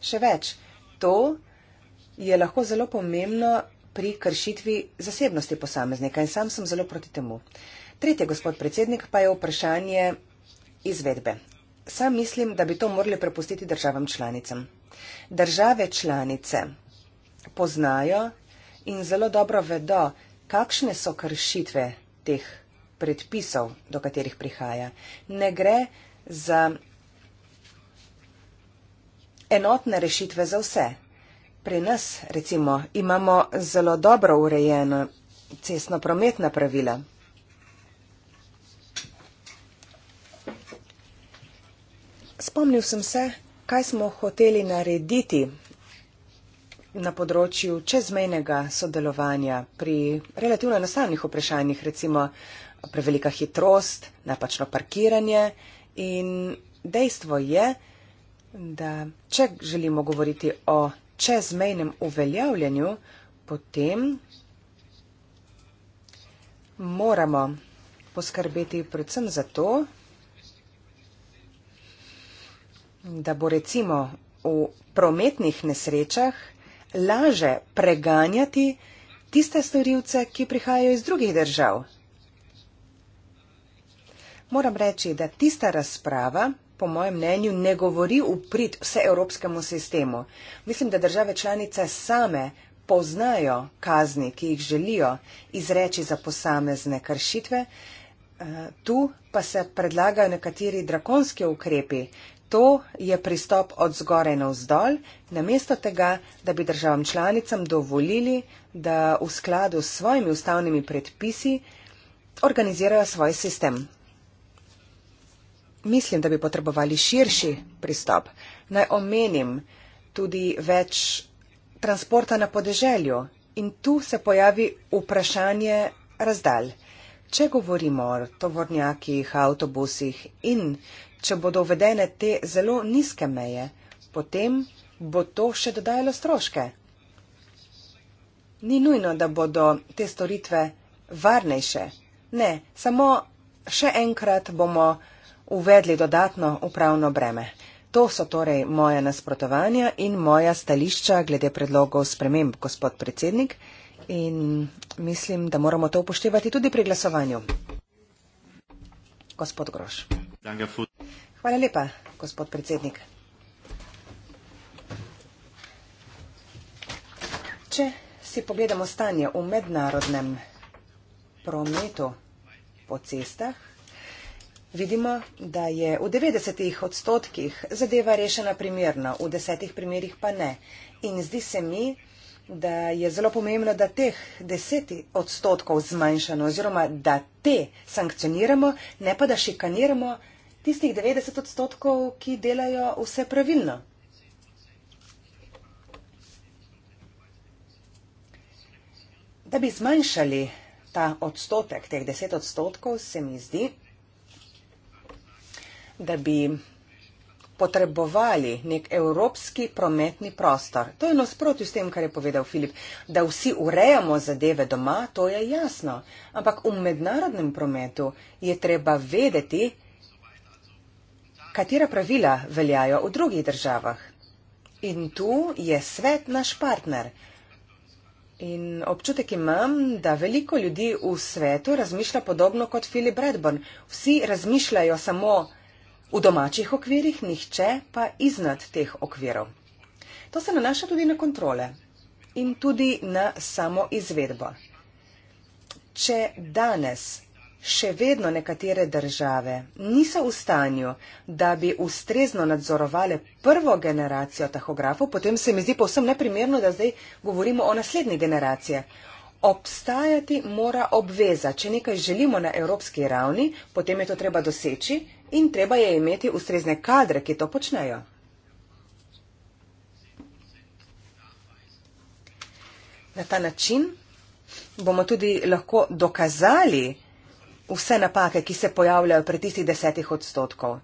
Še več, to je lahko zelo pomembno pri kršitvi zasebnosti posameznika in sam sem zelo proti temu. Tretje, gospod predsednik, pa je vprašanje izvedbe. Sam mislim, da bi to morali prepustiti državam članicam. Države članice poznajo in zelo dobro vedo, kakšne so kršitve teh predpisov, do katerih prihaja. Ne gre za enotne rešitve za vse. Pri nas, recimo, imamo zelo dobro urejeno cestno prometna pravila. spomnil sem se, kaj smo hoteli narediti na področju čezmejnega sodelovanja pri relativno enostavnih vprašanjih, recimo prevelika hitrost, napačno parkiranje in dejstvo je, da če želimo govoriti o čezmejnem uveljavljanju, potem moramo poskrbeti predvsem za to, da bo recimo v prometnih nesrečah laže preganjati tiste storilce, ki prihajajo iz drugih držav. Moram reči, da tista razprava, po mojem mnenju, ne govori v prid vse evropskemu sistemu. Mislim, da države članice same poznajo kazni, ki jih želijo izreči za posamezne kršitve, eh, tu pa se predlagajo nekateri drakonski ukrepi, To je pristop od zgore na vzdolj, namesto tega, da bi državam članicam dovolili, da v skladu s svojimi ustavnimi predpisi organizirajo svoj sistem. Mislim, da bi potrebovali širši pristop. Naj omenim tudi več transporta na podeželju in tu se pojavi vprašanje razdalj. Če govorimo o tovornjakih, avtobusih in če bodo uvedene te zelo nizke meje, potem bo to še dodajalo stroške. Ni nujno, da bodo te storitve varnejše. Ne, samo še enkrat bomo uvedli dodatno upravno breme. To so torej moja nasprotovanja in moja stališča glede predlogov sprememb, gospod predsednik. In mislim, da moramo to upoštevati tudi pri glasovanju. Gospod Groš. Danke, Hvala lepa, gospod predsednik. Če si pogledamo stanje v mednarodnem prometu po cestah, vidimo, da je v 90 odstotkih zadeva rešena primerno, v desetih primerih pa ne. In zdi se mi, da je zelo pomembno, da teh deset odstotkov zmanjšano oziroma da te sankcioniramo, ne pa da šikaniramo tistih 90 odstotkov, ki delajo vse pravilno. Da bi zmanjšali ta odstotek, teh 10 odstotkov, se mi zdi, da bi potrebovali nek evropski prometni prostor. To je nasprotju s tem, kar je povedal Filip, da vsi urejamo zadeve doma, to je jasno. Ampak v mednarodnem prometu je treba vedeti, katera pravila veljajo v drugih državah. In tu je svet naš partner. In občutek imam, da veliko ljudi v svetu razmišlja podobno kot Philip Bradburn. Vsi razmišljajo samo v domačih okvirih, nihče pa iznad teh okvirov. To se nanaša tudi na kontrole in tudi na samo izvedbo. Če danes Še vedno nekatere države niso v stanju, da bi ustrezno nadzorovali prvo generacijo tahografov, potem se mi zdi povsem neprimerno, da zdaj govorimo o naslednji generaciji. Obstajati mora obveza. Če nekaj želimo na evropski ravni, potem je to treba doseči in treba je imeti ustrezne kadre, ki to počnejo. Na ta način bomo tudi lahko dokazali, vse napake, ki se pojavljajo pri tistih desetih odstotkov.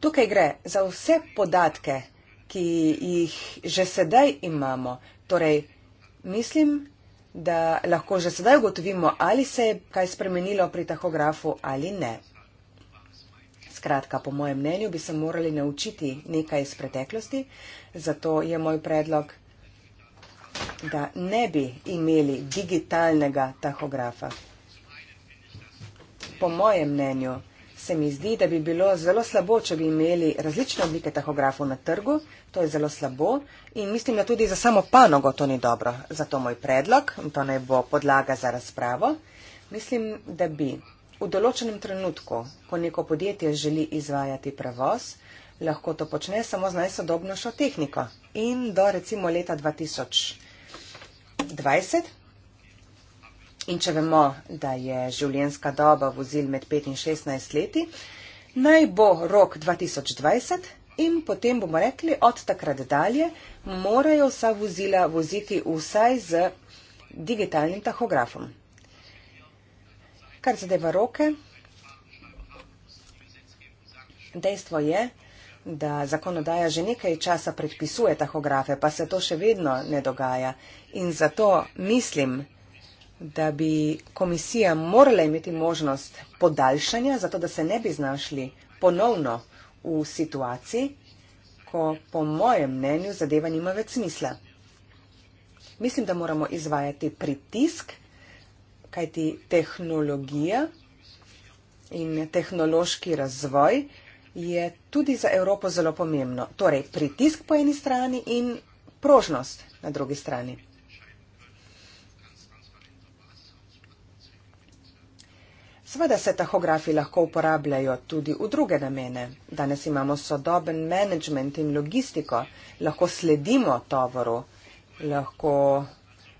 Tukaj gre za vse podatke, ki jih že sedaj imamo. Torej, mislim, da lahko že sedaj ugotovimo, ali se je kaj spremenilo pri tahografu ali ne. Skratka, po mojem mnenju bi se morali naučiti nekaj iz preteklosti, zato je moj predlog, da ne bi imeli digitalnega tahografa. Po mojem mnenju se mi zdi, da bi bilo zelo slabo, če bi imeli različne oblike tahografov na trgu. To je zelo slabo in mislim, da tudi za samo panogo to ni dobro. Zato moj predlog, to naj bo podlaga za razpravo, mislim, da bi v določenem trenutku, ko neko podjetje želi izvajati prevoz, lahko to počne samo z najsodobnejšo tehniko. In do recimo leta 2000. 20. In če vemo, da je življenska doba vozil med 5 in 16 leti, naj bo rok 2020 in potem bomo rekli, od takrat dalje morajo vsa vozila voziti vsaj z digitalnim tahografom. Kar zadeva roke, dejstvo je, da zakonodaja že nekaj časa predpisuje tahografe, pa se to še vedno ne dogaja. In zato mislim, da bi komisija morala imeti možnost podaljšanja, zato da se ne bi znašli ponovno v situaciji, ko po mojem mnenju zadeva nima več smisla. Mislim, da moramo izvajati pritisk, kajti tehnologija in tehnološki razvoj je tudi za Evropo zelo pomembno. Torej, pritisk po eni strani in prožnost na drugi strani. Sveda se tahografi lahko uporabljajo tudi v druge namene. Danes imamo sodoben management in logistiko, lahko sledimo tovoru, lahko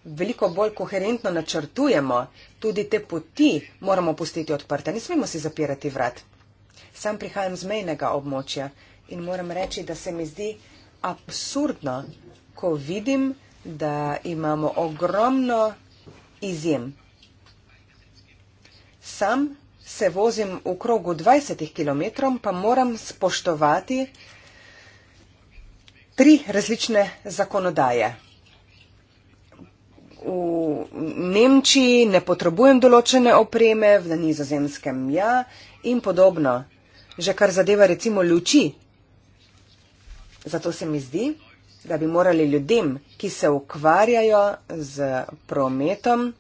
veliko bolj koherentno načrtujemo, tudi te poti moramo pustiti odprte, ne smemo si zapirati vrat. Sam prihajam z mejnega območja in moram reči, da se mi zdi absurdno, ko vidim, da imamo ogromno izjem. Sam se vozim v krogu 20 km, pa moram spoštovati tri različne zakonodaje. V Nemčiji ne potrebujem določene opreme, v Nizozemskem ja in podobno že kar zadeva recimo luči. Zato se mi zdi, da bi morali ljudem, ki se ukvarjajo z prometom,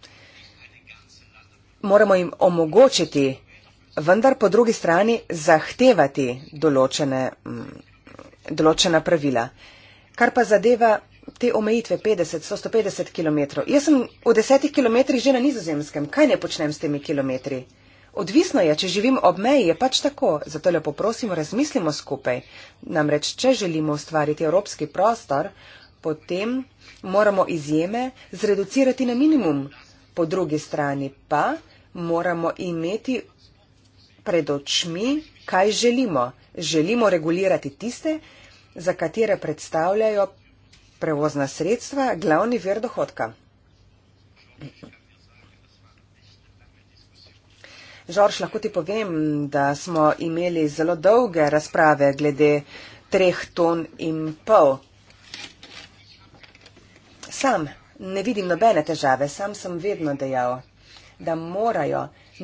moramo jim omogočiti, vendar po drugi strani zahtevati določene, mm, določena pravila. Kar pa zadeva te omejitve 50, 150 km. Jaz sem v desetih kilometrih že na nizozemskem. Kaj ne počnem s temi kilometri? Odvisno je, če živim ob meji, je pač tako. Zato lepo prosim, razmislimo skupaj. Namreč, če želimo ustvariti evropski prostor, potem moramo izjeme zreducirati na minimum. Po drugi strani pa moramo imeti pred očmi, kaj želimo. Želimo regulirati tiste, za katere predstavljajo prevozna sredstva glavni vir dohodka. Thank you. Žorž, lahko ti povem, da smo imeli zelo dolge razprave glede treh ton in pol. Sam ne vidim nobene težave, sam sem vedno dejal, da morajo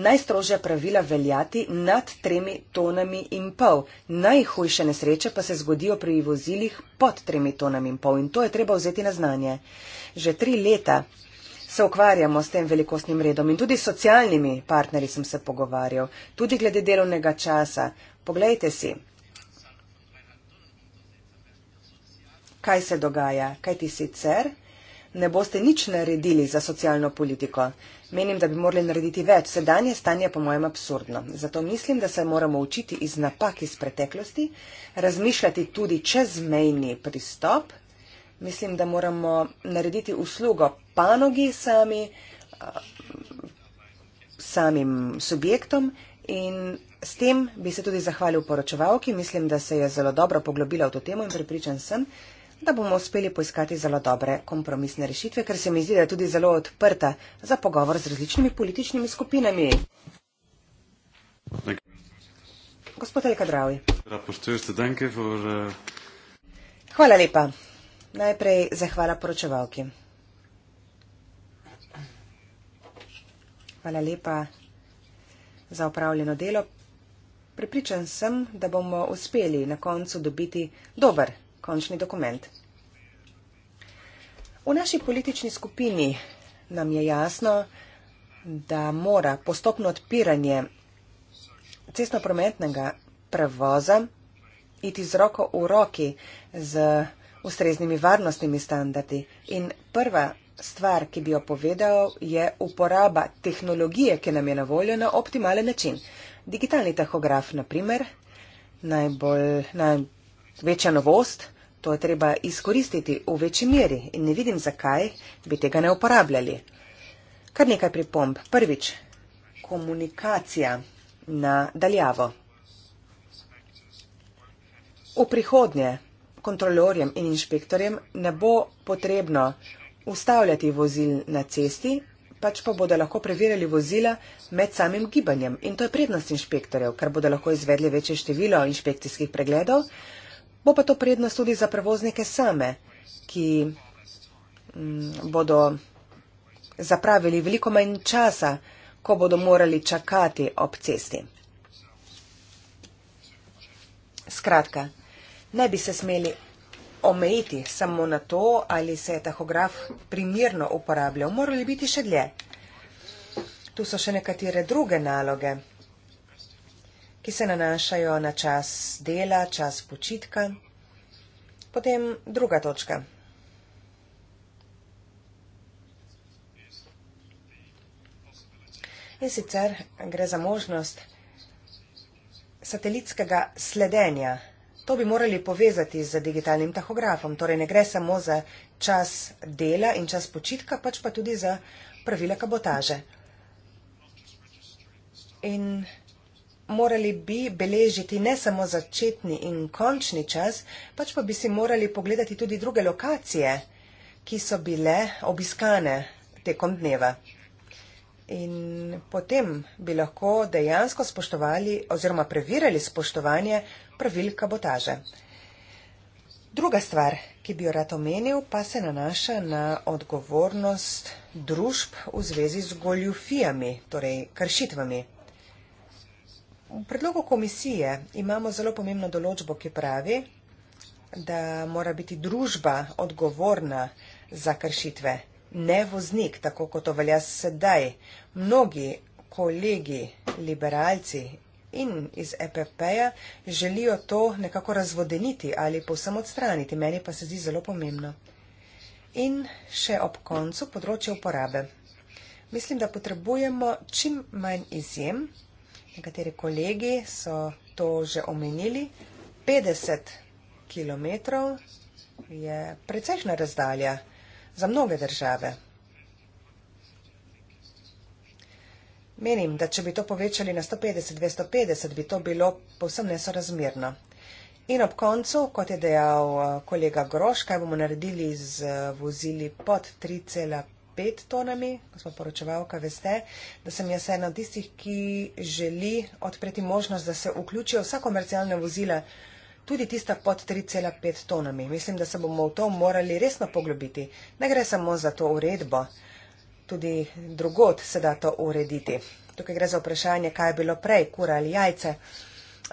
najstrožja pravila veljati nad tremi tonami in pol. Najhujše nesreče pa se zgodijo pri vozilih pod tremi tonami in pol in to je treba vzeti na znanje. Že tri leta se ukvarjamo s tem velikostnim redom in tudi s socialnimi partnerji sem se pogovarjal, tudi glede delovnega časa. Poglejte si, kaj se dogaja, kaj ti sicer ne boste nič naredili za socialno politiko. Menim, da bi morali narediti več. Sedanje stanje je po mojem absurdno. Zato mislim, da se moramo učiti iz napak iz preteklosti, razmišljati tudi čezmejni pristop. Mislim, da moramo narediti uslugo panogi, sami, samim subjektom in s tem bi se tudi zahvalil poročevalki. Mislim, da se je zelo dobro poglobila v to temo in pripričan sem, da bomo uspeli poiskati zelo dobre kompromisne rešitve, ker se mi zdi, da je tudi zelo odprta za pogovor z različnimi političnimi skupinami. Gospod Elka Dravi. Hvala lepa. Najprej zahvala poročevalki. Hvala lepa za upravljeno delo. Pripričan sem, da bomo uspeli na koncu dobiti dober končni dokument. V naši politični skupini nam je jasno, da mora postopno odpiranje cestno-prometnega prevoza iti z roko v roki z ustreznimi varnostnimi standardi. In prva stvar, ki bi jo povedal, je uporaba tehnologije, ki nam je na voljo na optimalen način. Digitalni tahograf, na primer, najbolj največja novost, to je treba izkoristiti v večji meri in ne vidim, zakaj bi tega ne uporabljali. Kar nekaj pripomb. Prvič, komunikacija na daljavo. V prihodnje kontrolorjem in inšpektorjem ne bo potrebno ustavljati vozil na cesti, pač pa bodo lahko preverjali vozila med samim gibanjem. In to je prednost inšpektorjev, ker bodo lahko izvedli večje število inšpekcijskih pregledov. Bo pa to prednost tudi za prevoznike same, ki mm, bodo zapravili veliko manj časa, ko bodo morali čakati ob cesti. Skratka, ne bi se smeli omejiti samo na to, ali se je tahograf primirno uporabljal. Morali biti še dlje. Tu so še nekatere druge naloge, ki se nanašajo na čas dela, čas počitka. Potem druga točka. In sicer gre za možnost satelitskega sledenja To bi morali povezati z digitalnim tahografom. Torej ne gre samo za čas dela in čas počitka, pač pa tudi za pravila kabotaže. In morali bi beležiti ne samo začetni in končni čas, pač pa bi si morali pogledati tudi druge lokacije, ki so bile obiskane tekom dneva. In potem bi lahko dejansko spoštovali oziroma previrali spoštovanje pravil kabotaže. Druga stvar, ki bi jo rad omenil, pa se nanaša na odgovornost družb v zvezi z goljufijami, torej kršitvami. V predlogu komisije imamo zelo pomembno določbo, ki pravi, da mora biti družba odgovorna za kršitve, ne voznik, tako kot to velja sedaj. Mnogi kolegi, liberalci in iz EPP-ja želijo to nekako razvodeniti ali povsem odstraniti. Meni pa se zdi zelo pomembno. In še ob koncu področje uporabe. Mislim, da potrebujemo čim manj izjem. Nekateri kolegi so to že omenili. 50 km je precejšna razdalja za mnoge države. Menim, da če bi to povečali na 150-250, bi to bilo povsem nesorazmerno. In ob koncu, kot je dejal eh, kolega Groš, kaj bomo naredili z eh, vozili pod 3,5 tonami, ko smo poročevalka, veste, da sem jaz ena od tistih, ki želi odpreti možnost, da se vključijo vsa komercialna vozila, tudi tista pod 3,5 tonami. Mislim, da se bomo v to morali resno poglobiti. Ne gre samo za to uredbo tudi drugot se da to urediti. Tukaj gre za vprašanje, kaj je bilo prej, kura ali jajce.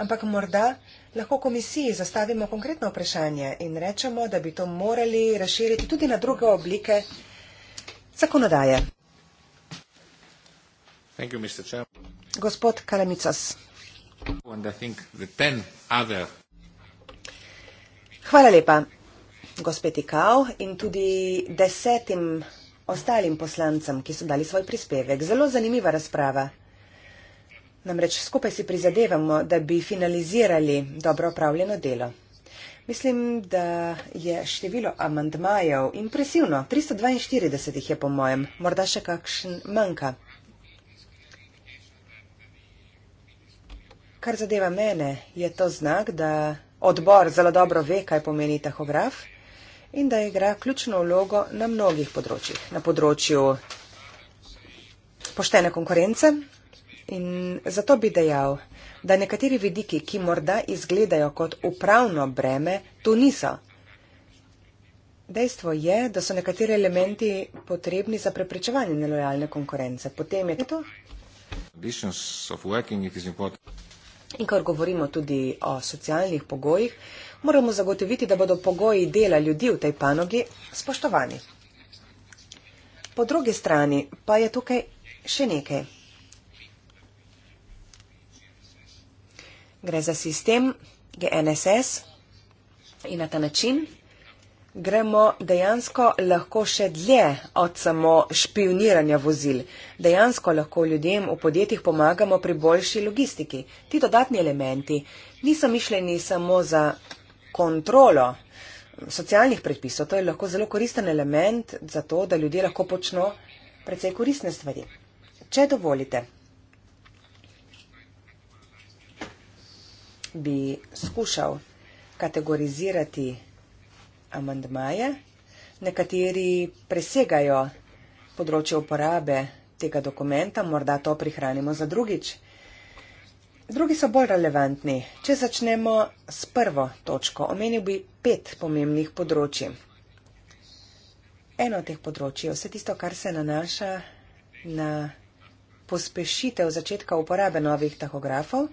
Ampak morda lahko komisiji zastavimo konkretno vprašanje in rečemo, da bi to morali razširiti tudi na druge oblike zakonodaje. You, Gospod Kalamicas. Hvala lepa, gospe Tikao in tudi desetim ostalim poslancem, ki so dali svoj prispevek. Zelo zanimiva razprava. Namreč skupaj si prizadevamo, da bi finalizirali dobro opravljeno delo. Mislim, da je število amandmajev impresivno. 342 jih je po mojem. Morda še kakšen manjka. Kar zadeva mene, je to znak, da odbor zelo dobro ve, kaj pomeni tahograf in da igra ključno vlogo na mnogih področjih. Na področju poštene konkurence in zato bi dejal, da nekateri vidiki, ki morda izgledajo kot upravno breme, tu niso. Dejstvo je, da so nekateri elementi potrebni za preprečevanje nelojalne konkurence. Potem je to. In ko govorimo tudi o socialnih pogojih, moramo zagotoviti, da bodo pogoji dela ljudi v tej panogi spoštovani. Po drugi strani pa je tukaj še nekaj. Gre za sistem GNSS in na ta način gremo dejansko lahko še dlje od samo špioniranja vozil. Dejansko lahko ljudem v podjetjih pomagamo pri boljši logistiki. Ti dodatni elementi niso mišljeni samo za kontrolo socialnih predpisov. To je lahko zelo koristen element za to, da ljudje lahko počno precej koristne stvari. Če dovolite, bi skušal kategorizirati amandmaje. Nekateri presegajo področje uporabe tega dokumenta, morda to prihranimo za drugič. Drugi so bolj relevantni. Če začnemo s prvo točko, omenil bi pet pomembnih področji. Eno od teh področji je vse tisto, kar se nanaša na pospešitev začetka uporabe novih tahografov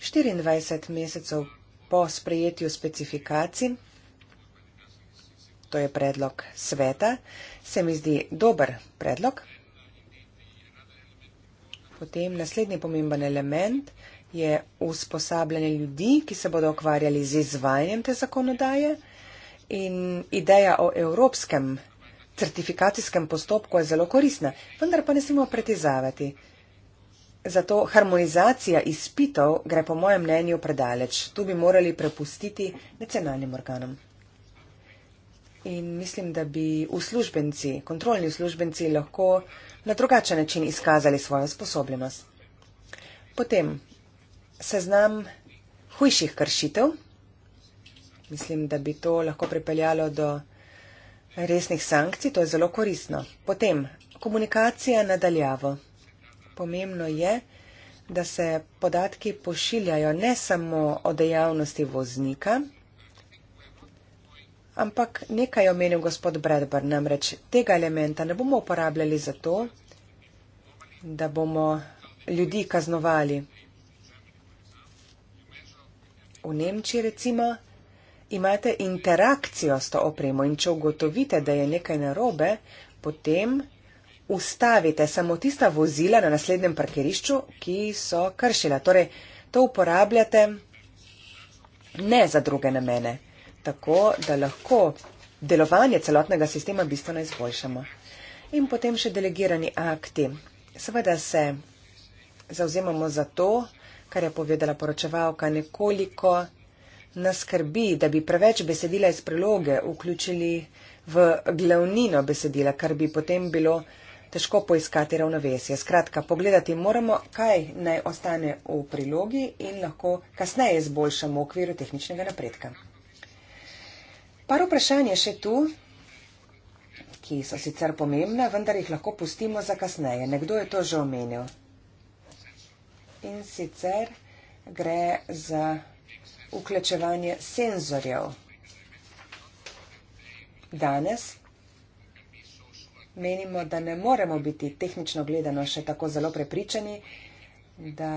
24 mesecev po sprejetju specifikacij. To je predlog sveta. Se mi zdi dober predlog. Potem naslednji pomemben element je usposabljanje ljudi, ki se bodo okvarjali z izvajanjem te zakonodaje in ideja o evropskem certifikacijskem postopku je zelo korisna, vendar pa ne smemo pretizavati. Zato harmonizacija izpitov gre po mojem mnenju predaleč. Tu bi morali prepustiti nacionalnim organom. In mislim, da bi uslužbenci, kontrolni uslužbenci lahko na drugačen način izkazali svojo sposobnost. Potem seznam hujših kršitev. Mislim, da bi to lahko pripeljalo do resnih sankcij, to je zelo koristno. Potem, komunikacija nadaljavo. Pomembno je, da se podatki pošiljajo ne samo o dejavnosti voznika, ampak nekaj je omenil gospod Bradburn, namreč tega elementa ne bomo uporabljali zato, da bomo ljudi kaznovali, v Nemčiji recimo, imate interakcijo s to opremo in če ugotovite, da je nekaj narobe, potem ustavite samo tista vozila na naslednjem parkirišču, ki so kršila. Torej, to uporabljate ne za druge namene, tako da lahko delovanje celotnega sistema bistveno izboljšamo. In potem še delegirani akti. Seveda se zauzemamo za to, kar je povedala poročevalka, nekoliko naskrbi, da bi preveč besedila iz priloge vključili v glavnino besedila, kar bi potem bilo težko poiskati ravnovesje. Skratka, pogledati moramo, kaj naj ostane v prilogi in lahko kasneje izboljšamo v okviru tehničnega napredka. Par vprašanj je še tu, ki so sicer pomembna, vendar jih lahko pustimo za kasneje. Nekdo je to že omenil in sicer gre za vključevanje senzorjev. Danes menimo, da ne moremo biti tehnično gledano še tako zelo prepričani, da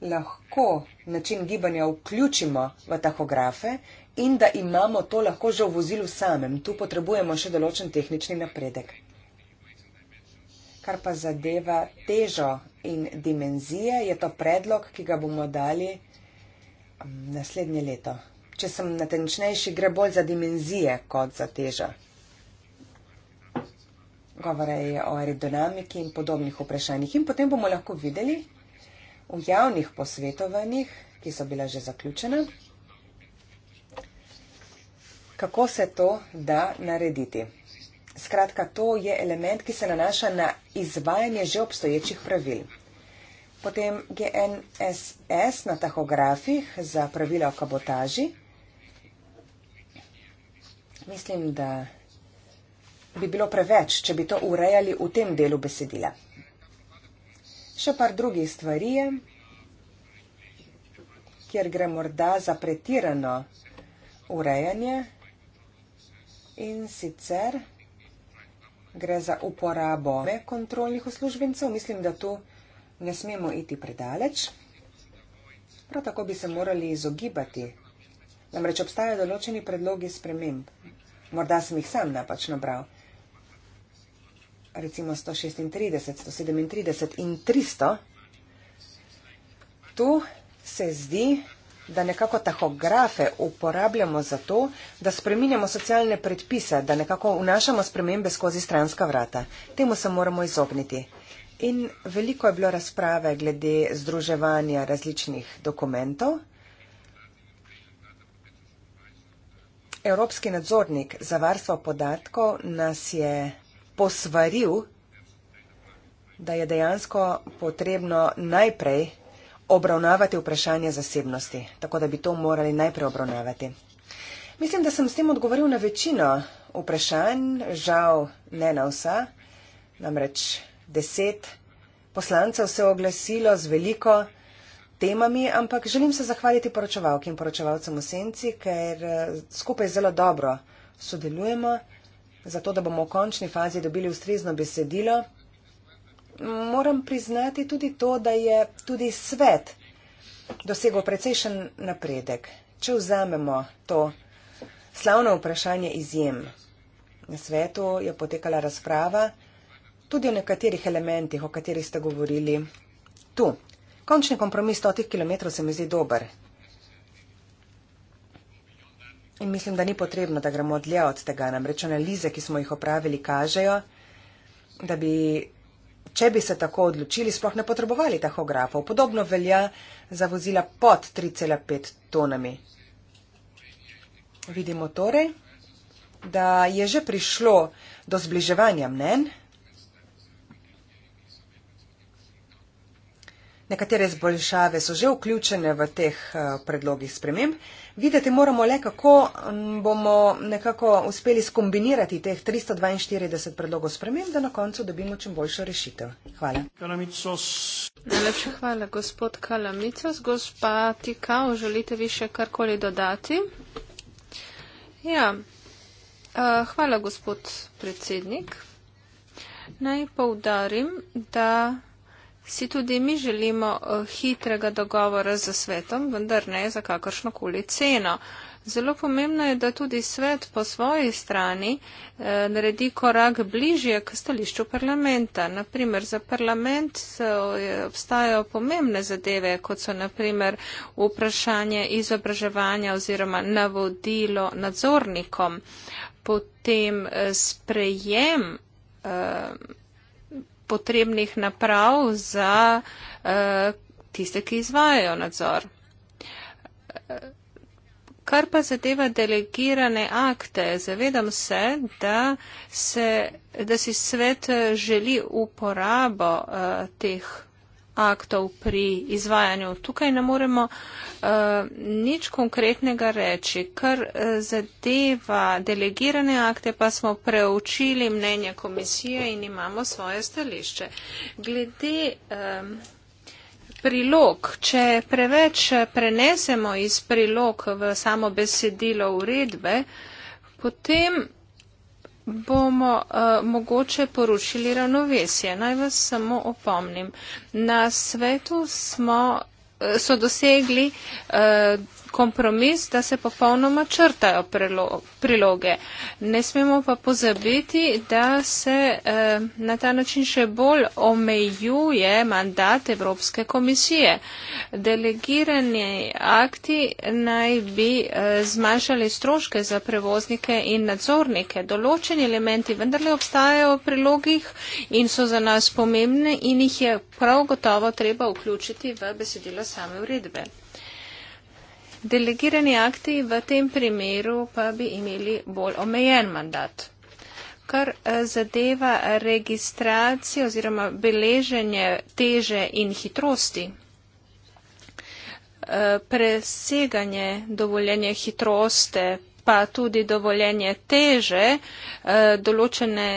lahko način gibanja vključimo v tahografe in da imamo to lahko že v vozilu samem. Tu potrebujemo še določen tehnični napredek. Kar pa zadeva težo in dimenzije, je to predlog, ki ga bomo dali um, naslednje leto. Če sem natančnejši, gre bolj za dimenzije kot za težo. Govore je o aerodinamiki in podobnih vprašanjih. In potem bomo lahko videli v javnih posvetovanjih, ki so bila že zaključena, kako se to da narediti. Skratka, to je element, ki se nanaša na izvajanje že obstoječih pravil. Potem GNSS na tahografih za pravila o kabotaži. Mislim, da bi bilo preveč, če bi to urejali v tem delu besedila. Še par drugih stvari je, kjer gre morda za pretirano urejanje in sicer gre za uporabo kontrolnih uslužbencev. Mislim, da tu ne smemo iti predaleč. Prav tako bi se morali izogibati. Namreč obstajajo določeni predlogi sprememb. Morda sem jih sam napačno bral. Recimo 136, 137 in 300. Tu se zdi, da nekako tahografe uporabljamo za to, da spreminjamo socialne predpise, da nekako vnašamo spremembe skozi stranska vrata. Temu se moramo izogniti. In veliko je bilo razprave glede združevanja različnih dokumentov. Evropski nadzornik za varstvo podatkov nas je posvaril, da je dejansko potrebno najprej obravnavati vprašanje zasebnosti, tako da bi to morali najprej obravnavati. Mislim, da sem s tem odgovoril na večino vprašanj, žal ne na vsa, namreč deset poslancev se je oglasilo z veliko temami, ampak želim se zahvaliti poročevalki in poročevalcem v senci, ker eh, skupaj zelo dobro sodelujemo, zato da bomo v končni fazi dobili ustrezno besedilo moram priznati tudi to, da je tudi svet dosegel precejšen napredek. Če vzamemo to slavno vprašanje izjem, na svetu je potekala razprava tudi o nekaterih elementih, o katerih ste govorili tu. Končni kompromis 100 km se mi zdi dober. In mislim, da ni potrebno, da gremo dlje od tega. Namreč analize, ki smo jih opravili, kažejo, da bi če bi se tako odločili, sploh ne potrebovali tahografov. Podobno velja za vozila pod 3,5 tonami. Vidimo torej, da je že prišlo do zbliževanja mnen. Nekatere izboljšave so že vključene v teh eh, predlogih sprememb. Videti moramo le, kako bomo nekako uspeli skombinirati teh 342 predlogov sprememb, da na koncu dobimo čim boljšo rešitev. Hvala. Kalamicos. Najlepša hvala, gospod Kalamicos. Gospa Tikao, želite vi še karkoli dodati? Ja. Eh, hvala, gospod predsednik. Naj poudarim, da. Vsi tudi mi želimo eh, hitrega dogovora z svetom, vendar ne za kakršno koli ceno. Zelo pomembno je, da tudi svet po svoji strani eh, naredi korak bližje k stališču parlamenta. Naprimer, za parlament so, je, eh, obstajajo pomembne zadeve, kot so naprimer vprašanje izobraževanja oziroma navodilo nadzornikom, potem eh, sprejem. Eh, potrebnih naprav za uh, tiste, ki izvajajo nadzor. Kar pa zadeva delegirane akte, zavedam se, da, se, da si svet želi uporabo uh, teh aktov pri izvajanju. Tukaj ne moremo uh, nič konkretnega reči. Kar uh, zadeva delegirane akte, pa smo preučili mnenje komisije in imamo svoje stališče. Glede um, prilog, če preveč prenesemo iz prilog v samo besedilo uredbe, potem bomo uh, mogoče porušili ravnovesje. Naj vas samo opomnim. Na svetu smo, eh, so dosegli uh, kompromis, da se popolnoma črtajo priloge. Ne smemo pa pozabiti, da se eh, na ta način še bolj omejuje mandat Evropske komisije. Delegirani akti naj bi eh, zmanjšali stroške za prevoznike in nadzornike. Določeni elementi vendarle obstajajo v prilogih in so za nas pomembne in jih je prav gotovo treba vključiti v besedilo same uredbe. Delegirani akti v tem primeru pa bi imeli bolj omejen mandat. Kar eh, zadeva registracijo oziroma beleženje teže in hitrosti, eh, preseganje dovoljenja hitroste pa tudi dovoljenje teže, eh, določene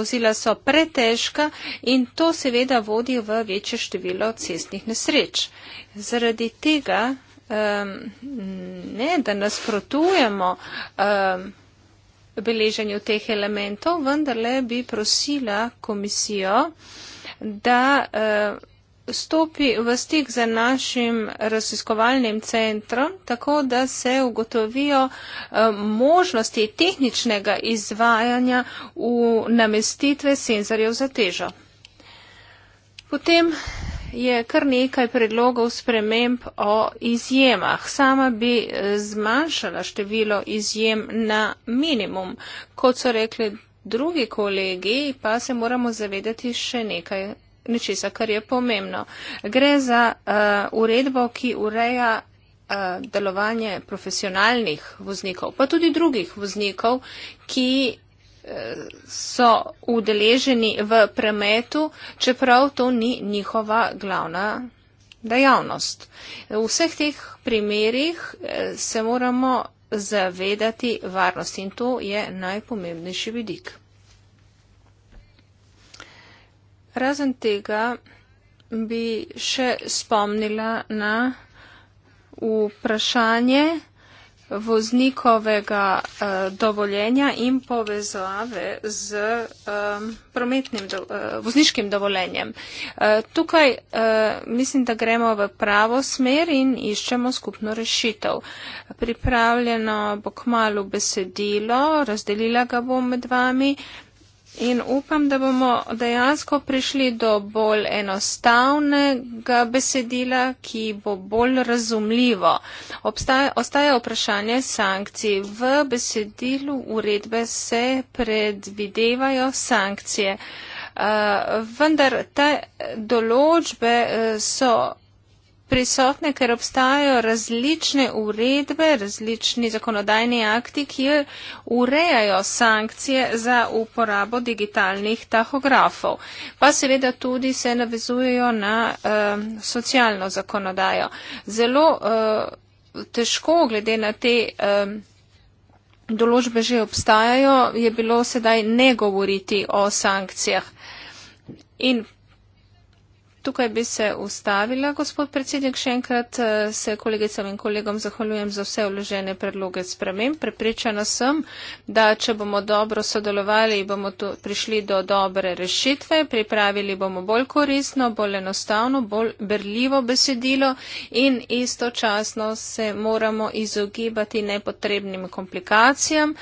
vozila so pretežka in to seveda vodi v večje število cestnih nesreč. Zaradi tega um, ne, da nasprotujemo um, beleženju teh elementov, vendarle bi prosila komisijo, da uh, stopi v stik z našim raziskovalnim centrom, tako da se ugotovijo um, možnosti tehničnega izvajanja v namestitve senzorjev za težo. Potem je kar nekaj predlogov sprememb o izjemah. Sama bi eh, zmanjšala število izjem na minimum. Kot so rekli drugi kolegi, pa se moramo zavedati še nekaj nečesa, kar je pomembno. Gre za uh, uredbo, ki ureja uh, delovanje profesionalnih voznikov, pa tudi drugih voznikov, ki so udeleženi v prometu, čeprav to ni njihova glavna dejavnost. V vseh teh primerjih eh, se moramo zavedati varnost in to je najpomembnejši vidik. Razen tega bi še spomnila na vprašanje, voznikovega uh, dovoljenja in povezave z um, prometnim do, uh, vozniškim dovoljenjem. Uh, tukaj uh, mislim, da gremo v pravo smer in iščemo skupno rešitev. Pripravljeno bo k malu besedilo, razdelila ga bom med vami. Uh, in upam, da bomo dejansko prišli do bolj enostavnega besedila, ki bo bolj razumljivo. Obstaja, ostaja vprašanje sankcij. V besedilu uredbe se predvidevajo sankcije, uh, vendar te določbe uh, so prisotne, ker obstajajo različne uredbe, različni zakonodajni akti, ki urejajo sankcije za uporabo digitalnih tahografov. Pa seveda tudi se navezujejo na eh, socialno zakonodajo. Zelo eh, težko, glede na te. Eh, Doložbe že obstajajo, je bilo sedaj ne govoriti o sankcijah. In tukaj bi se ustavila, gospod predsednik. Še enkrat eh, se kolegicam in kolegom zahvaljujem za vse vložene predloge sprememb. Prepričana sem, da če bomo dobro sodelovali, bomo prišli do dobre rešitve, pripravili bomo bolj korisno, bolj enostavno, bolj berljivo besedilo in istočasno se moramo izogibati nepotrebnim komplikacijam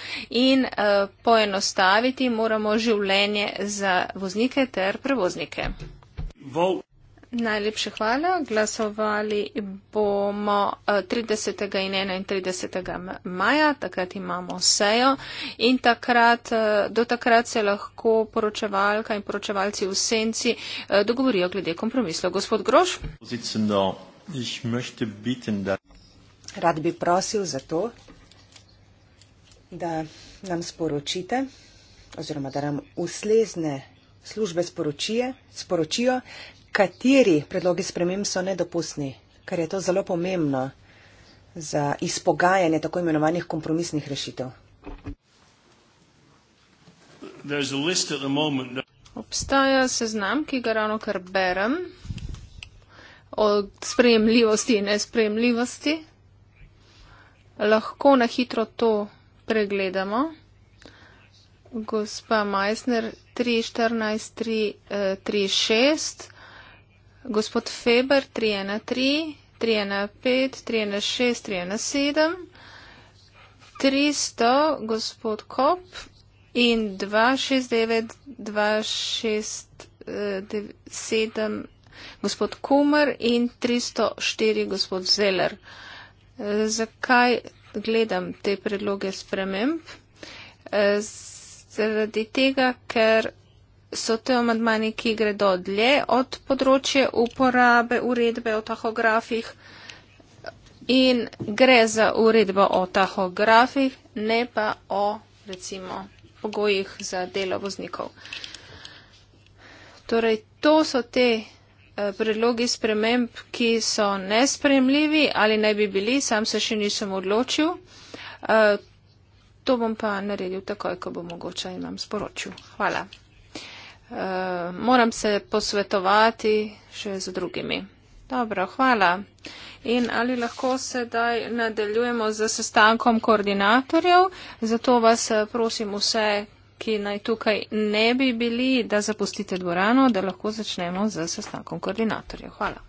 in eh, poenostaviti moramo življenje za voznike ter prevoznike. Vol Najlepše hvala. Glasovali bomo 30. Eh, in 31. maja, takrat imamo sejo in takrat, eh, do takrat se lahko poročevalka in poročevalci v senci eh, dogovorijo glede kompromisla. Gospod Groš. Rad bi prosil za to, da nam sporočite oziroma da nam uslezne službe sporočijo, kateri predlogi sprememb so nedopustni, ker je to zelo pomembno za izpogajanje tako imenovanih kompromisnih rešitev. Obstaja seznam, ki ga ravno kar berem, od sprejemljivosti in nesprejemljivosti. Lahko na hitro to pregledamo. Gospa Meissner 314 36. Gospod Feber, 3 na 3, 3 na 5, 3 na 6, 3 na 7, 300, gospod Kop in 269, 267, eh, gospod Kumar in 304, gospod Zeller. Eh, zakaj gledam te predloge sprememb? Eh, zaradi tega, ker so te amadmani, ki gredo dlje od področje uporabe uredbe o tahografih in gre za uredbo o tahografih, ne pa o recimo pogojih za delo voznikov. Torej, to so te eh, predlogi sprememb, ki so nespremljivi ali naj bi bili, sam se še nisem odločil. Eh, to bom pa naredil takoj, ko bo mogoče in vam sporočil. Hvala. Eh, moram se posvetovati še z drugimi. Dobro, hvala. In ali lahko sedaj nadaljujemo z sestankom koordinatorjev? Zato vas eh, prosim vse, ki naj tukaj ne bi bili, da zapustite dvorano, da lahko začnemo z sestankom koordinatorjev. Hvala.